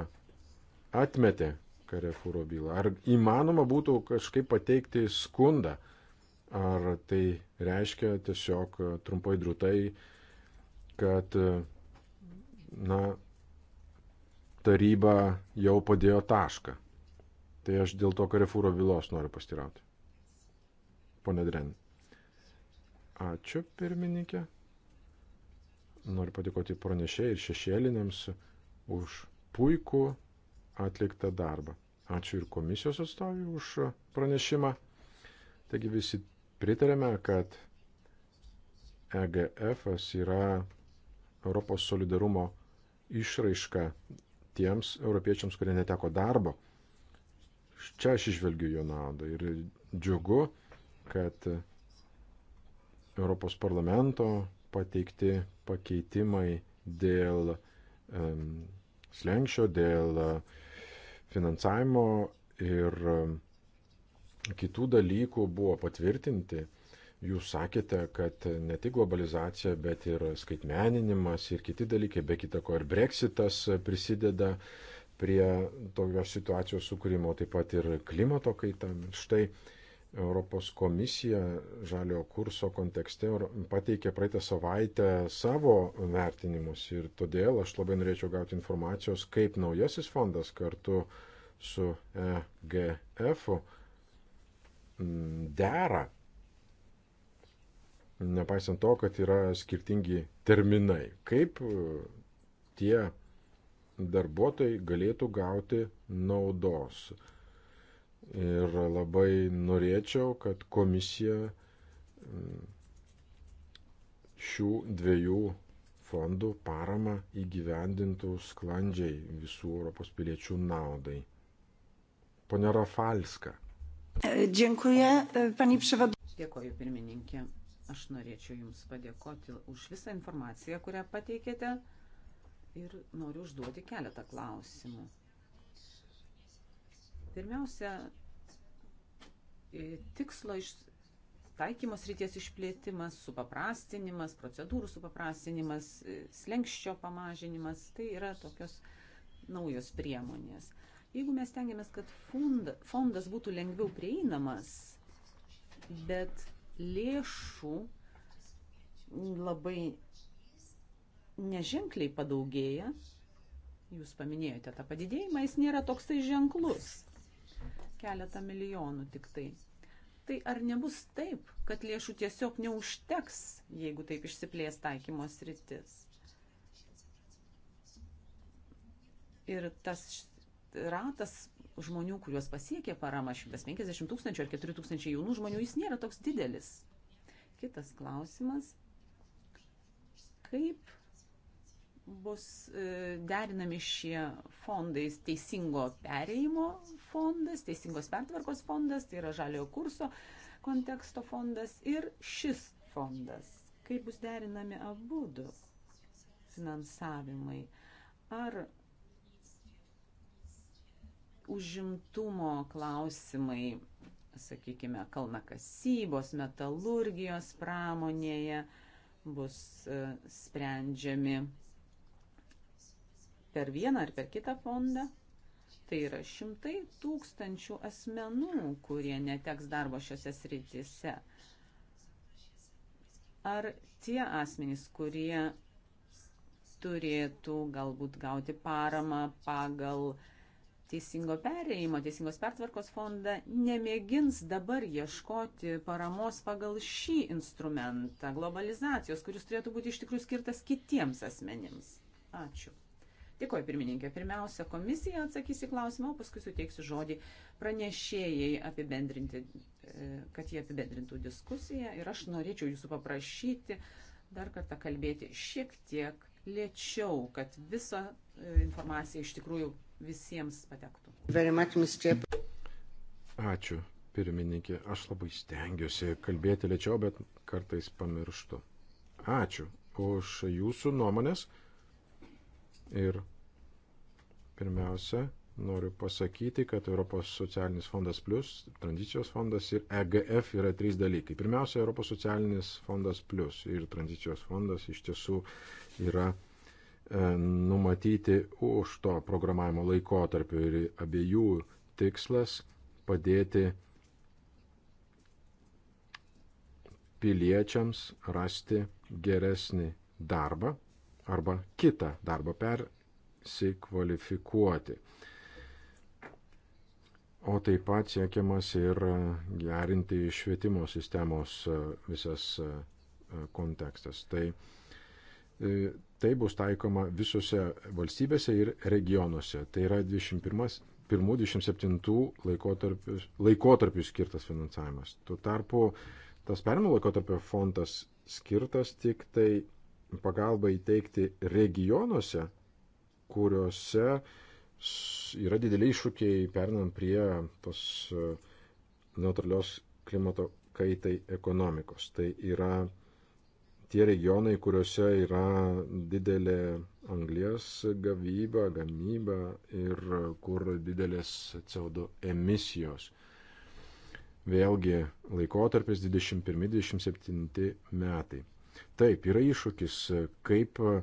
atmetė karefūro bylą. Ar įmanoma būtų kažkaip pateikti skundą, ar tai reiškia tiesiog trumpai drūtai, kad, na, taryba jau padėjo tašką. Tai aš dėl to Karefūro bylos noriu pastirauti. Pone Dren. Ačiū, pirmininkė. Noriu padėkoti pranešėjai ir šešėliniams už puikų atliktą darbą. Ačiū ir komisijos atstovui už pranešimą. Taigi visi pritarėme, kad EGF yra Europos solidarumo išraiška tiems europiečiams, kurie neteko darbo Čia aš išvelgiu jo naudą ir džiugu, kad Europos parlamento pateikti pakeitimai dėl um, slengščio, dėl e, finansavimo ir e, kitų dalykų buvo patvirtinti. Jūs sakėte, kad ne tik globalizacija, bet ir skaitmeninimas ir kiti dalykai, be kita ko ir breksitas prisideda uh, prie tokios situacijos sukūrimo, taip pat ir klimato kaita. Štai Europos komisija žaliojo kurso kontekste pateikė praeitą savaitę savo vertinimus ir todėl aš labai norėčiau gauti informacijos, kaip naujasis fondas kartu su EGF mm, dera, nepaisant to, kad yra skirtingi terminai. Kaip e, tie darbuotojai galėtų gauti naudos. Ir labai norėčiau, kad komisija mm, šių dviejų fondų paramą įgyvendintų sklandžiai visų Europos piliečių naudai. Pone Rafalska. Dziękuję, pani przewodnicząca. Dėkoju, pirmininkė. Aš norėčiau Jums padėkoti už visą informaciją, kurią pateikėte ir noriu užduoti keletą klausimų. Pirmiausia, e, tikslo iš taikymos ryties išplėtimas, supaprastinimas, procedūrų supaprastinimas, e, slengščio pamažinimas, tai yra tokios naujos priemonės. Jeigu mes tengiamės, kad funda, fondas būtų lengviau prieinamas, bet lėšų labai neženkliai padaugėja. Jūs paminėjote tą padidėjimą, jis nėra toksai ženklus. Keletą milijonų tik tai. Tai ar nebus taip, kad lėšų tiesiog neužteks, jeigu taip išsiplės taikymos rytis? Ir tas ratas žmonių, kuriuos pasiekė parama, 150 tūkstančių ar 4 tūkstančiai jaunų žmonių, jis nėra toks didelis. Kitas klausimas. Kaip bus e, derinami šie fondai teisingo pereimo fondas, teisingos pertvarkos fondas, tai yra žaliojo kurso konteksto fondas ir šis fondas. Kaip bus derinami abu du finansavimai? Ar užimtumo klausimai, sakykime, kalnakasybos, metalurgijos pramonėje bus e, sprendžiami per vieną ar per kitą fondą. Tai yra šimtai tūkstančių asmenų, kurie neteks darbo šiose srityse. Ar tie asmenys, kurie turėtų galbūt gauti paramą pagal teisingo perėjimo, teisingos pertvarkos fondą, nemėgins dabar ieškoti paramos pagal šį instrumentą globalizacijos, kuris turėtų būti iš tikrųjų skirtas kitiems asmenims. Ačiū. Dėkoju, pirmininkė. Pirmiausia, komisija atsakys į klausimą, o paskui suteiksiu žodį pranešėjai apibendrinti, e, kad jie apibendrintų diskusiją. Ir aš norėčiau jūsų paprašyti dar kartą kalbėti šiek tiek lėčiau, kad visa e, informacija iš tikrųjų visiems patektų. Ačiū, pirmininkė. Aš labai stengiuosi kalbėti lėčiau, bet kartais pamirštu. Ačiū už jūsų nuomonės. Ir pirmiausia, noriu pasakyti, kad Europos socialinis fondas plus, tranzicijos fondas ir EGF yra trys dalykai. Pirmiausia, Europos socialinis fondas plus ir tranzicijos fondas iš tiesų yra e, numatyti už to programavimo laikotarpio ir abiejų tikslas padėti piliečiams rasti geresnį darbą arba kitą darbą persikvalifikuoti. O taip pat siekiamas ir gerinti švietimo sistemos visas kontekstas. Tai, e, tai bus taikoma visose valstybėse ir regionuose. Tai yra 21-27 laikotarpius, laikotarpius skirtas finansavimas. Tuo tarpu tas perimo laikotarpio fondas skirtas tik tai pagalbą įteikti regionuose, kuriuose yra dideli iššūkiai pernant prie tos e, neutralios klimato kaitai ekonomikos. Tai yra tie regionai, kuriuose yra didelė anglės gavyba, gamyba ir kur didelės CO2 emisijos. Vėlgi laikotarpis 21-27 metai. Taip, yra iššūkis, kaip e,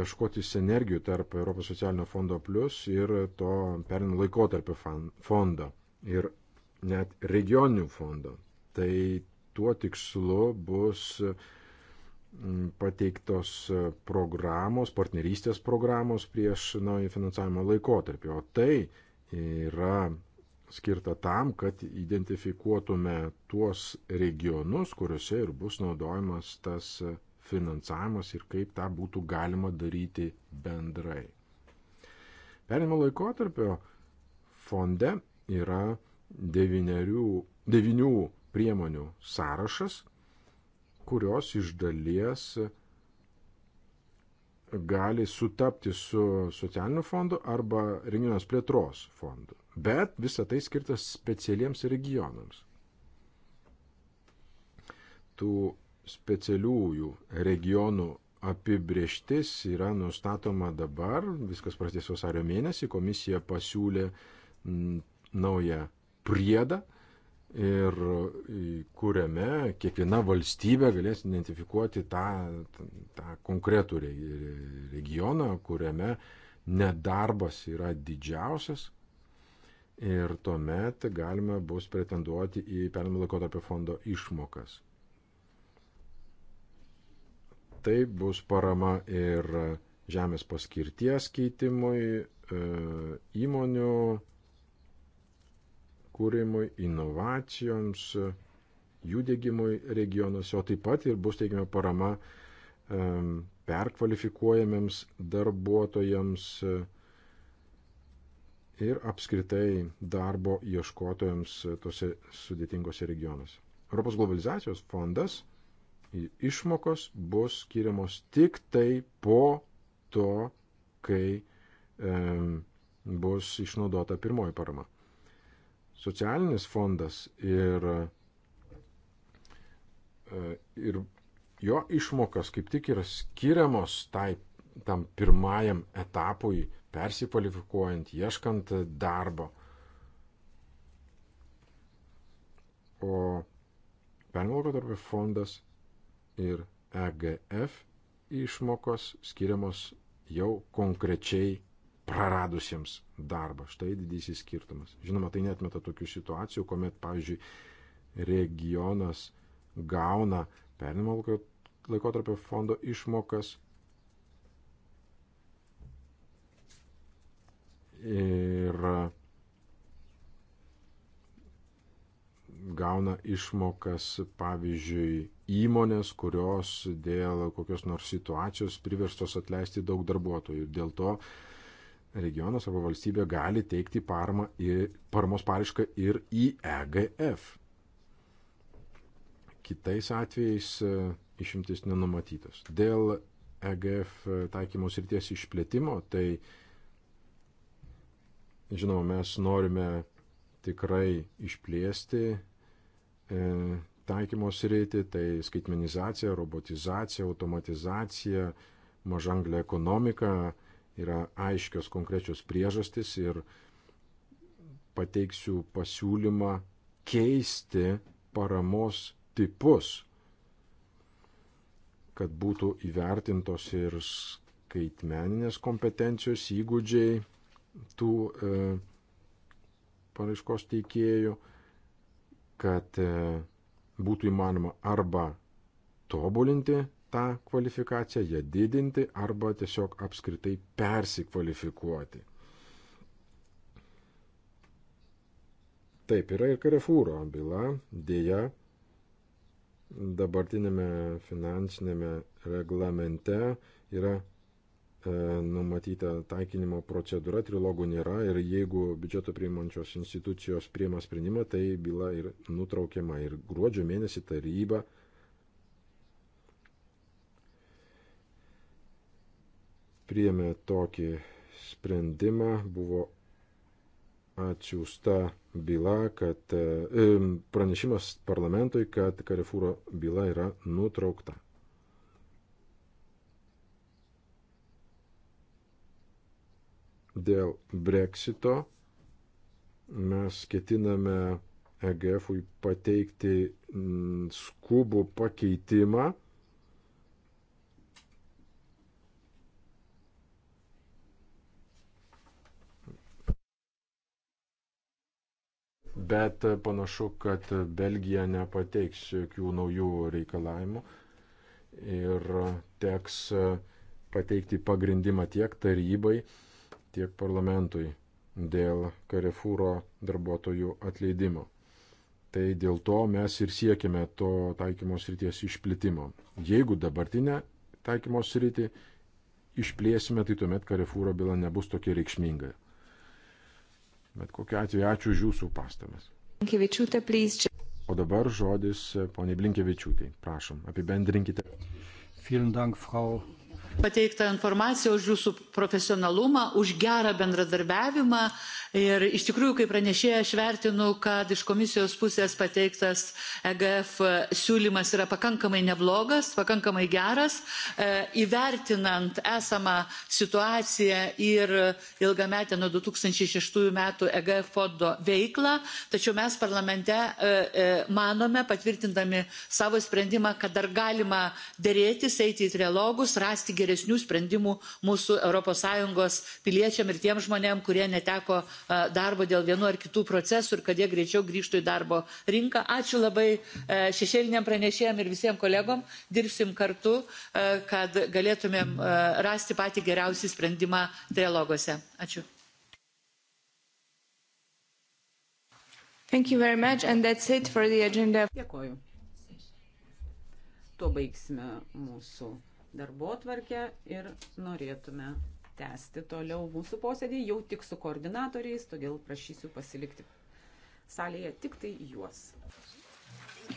ieškoti sinergijų tarp Europos socialinio fondo plus ir to perinų laikotarpio fondo ir net regioninių fondo. Tai tuo tikslu bus pateiktos programos, partnerystės programos prieš naują finansavimo laikotarpį. O tai yra skirta tam, kad identifikuotume tuos regionus, kuriuose ir bus naudojamas tas finansavimas ir kaip tą būtų galima daryti bendrai. Perimo laikotarpio fonde yra devynerių, devinių priemonių sąrašas, kurios iš dalies gali sutapti su socialiniu fondu arba regionos plėtros fondu bet visą tai skirtas specialiems regionams. Tų specialiųjų regionų apibrieštis yra nustatoma dabar, viskas prasidės vasario mėnesį, komisija pasiūlė mm, naują priedą ir e, kuriame kiekviena valstybė galės identifikuoti tą, tą konkretų regioną, kuriame nedarbas yra didžiausias ir tuomet galima bus pretenduoti į pernamų laikotarpio fondo išmokas. Tai bus parama ir žemės paskirties keitimui, e, įmonių kūrimui, inovacijoms, jų dėgymui regionuose, o taip pat ir bus teikiama parama e, perkvalifikuojamiems darbuotojams, ir apskritai darbo ieškotojams tose sudėtingose regionuose. Europos globalizacijos fondas išmokos bus skiriamos tik tai po to, kai e, bus išnaudota pirmoji parama. Socialinis fondas ir, e, ir jo išmokas kaip tik yra skiriamos tai, tam pirmajam etapui persikvalifikuojant, ieškant darbo. O permokų darbo fondas ir EGF išmokos skiriamos jau konkrečiai praradusiems darbą. Štai didysis skirtumas. Žinoma, tai netmeta tokių situacijų, kuomet, pavyzdžiui, regionas gauna pernimo laikotarpio fondo išmokas, ir gauna išmokas, pavyzdžiui, įmonės, kurios dėl kokios nors situacijos priverstos atleisti daug darbuotojų. Ir dėl to regionas arba valstybė gali teikti parmą ir, paramos paraišką ir į EGF. Kitais atvejais e, išimtis nenumatytas. Dėl EGF taikymos ryties išplėtimo, tai Žinoma, mes norime tikrai išplėsti e, taikymos rytį, tai skaitmenizacija, robotizacija, automatizacija, mažanglė ekonomika yra aiškios konkrečios priežastys ir pateiksiu pasiūlymą keisti paramos tipus, kad būtų įvertintos ir skaitmeninės kompetencijos įgūdžiai tų e, paraiškos teikėjų, kad e, būtų įmanoma arba tobulinti tą kvalifikaciją, ją didinti arba tiesiog apskritai persikvalifikuoti. Taip yra ir Karefūro byla, dėja dabartinėme finansinėme reglamente yra E, numatyta taikinimo procedūra, trilogų nėra ir jeigu biudžeto priimančios institucijos priima sprendimą, tai byla ir nutraukiama. Ir gruodžio mėnesį taryba priėmė tokį sprendimą, buvo atsiųsta byla, kad e, e, pranešimas parlamentui, kad Karifūro byla yra nutraukta. Dėl breksito mes ketiname EGF-ui pateikti mm, skubų pakeitimą. Bet panašu, kad Belgija nepateiks jokių naujų reikalavimų ir teks pateikti pagrindimą tiek tarybai, tiek parlamentui dėl Karefūro darbuotojų atleidimo. Tai dėl to mes ir siekime to taikymos ryties išplitimo. Jeigu dabartinę taikymos rytį išplėsime, tai tuomet Karefūro byla nebus tokia reikšminga. Bet kokiu atveju ačiū už jūsų pastabas. O dabar žodis poniai Blinkevičiūtai. Prašom, apibendrinkite. Vielen Dank, Frau pateiktą informaciją, už jūsų profesionalumą, už gerą bendradarbiavimą. Ir iš tikrųjų, kaip pranešėja, aš vertinu, kad iš komisijos pusės pateiktas EGF siūlymas yra pakankamai neblogas, pakankamai geras, e, įvertinant esamą situaciją ir ilgametę nuo 2006 metų EGF fondo veiklą. Tačiau mes parlamente e, e, manome, patvirtindami savo sprendimą, kad dar galima dėrėtis, eiti į trilogus, rasti geresnių geresnių sprendimų mūsų europos sąjungos piliečiams ir tiems žmonėms kurie neteko darbo dėl vienų ar kitų procesų ir kad jie greičiau grįžtų į darbo rinką. ačiū labai e, šešėliniam pranešėjam ir visiems kolegom dirbsim kartu e, kad galėtumėm e, rasti patį geriausią sprendimą trialoguose. ačiū. Thank you very much and that's it for the agenda. Dėkoju. Tuo baigsime mūsų darbo tvarkę ir norėtume tęsti toliau mūsų posėdį jau tik su koordinatoriais, todėl prašysiu pasilikti salėje tik tai juos.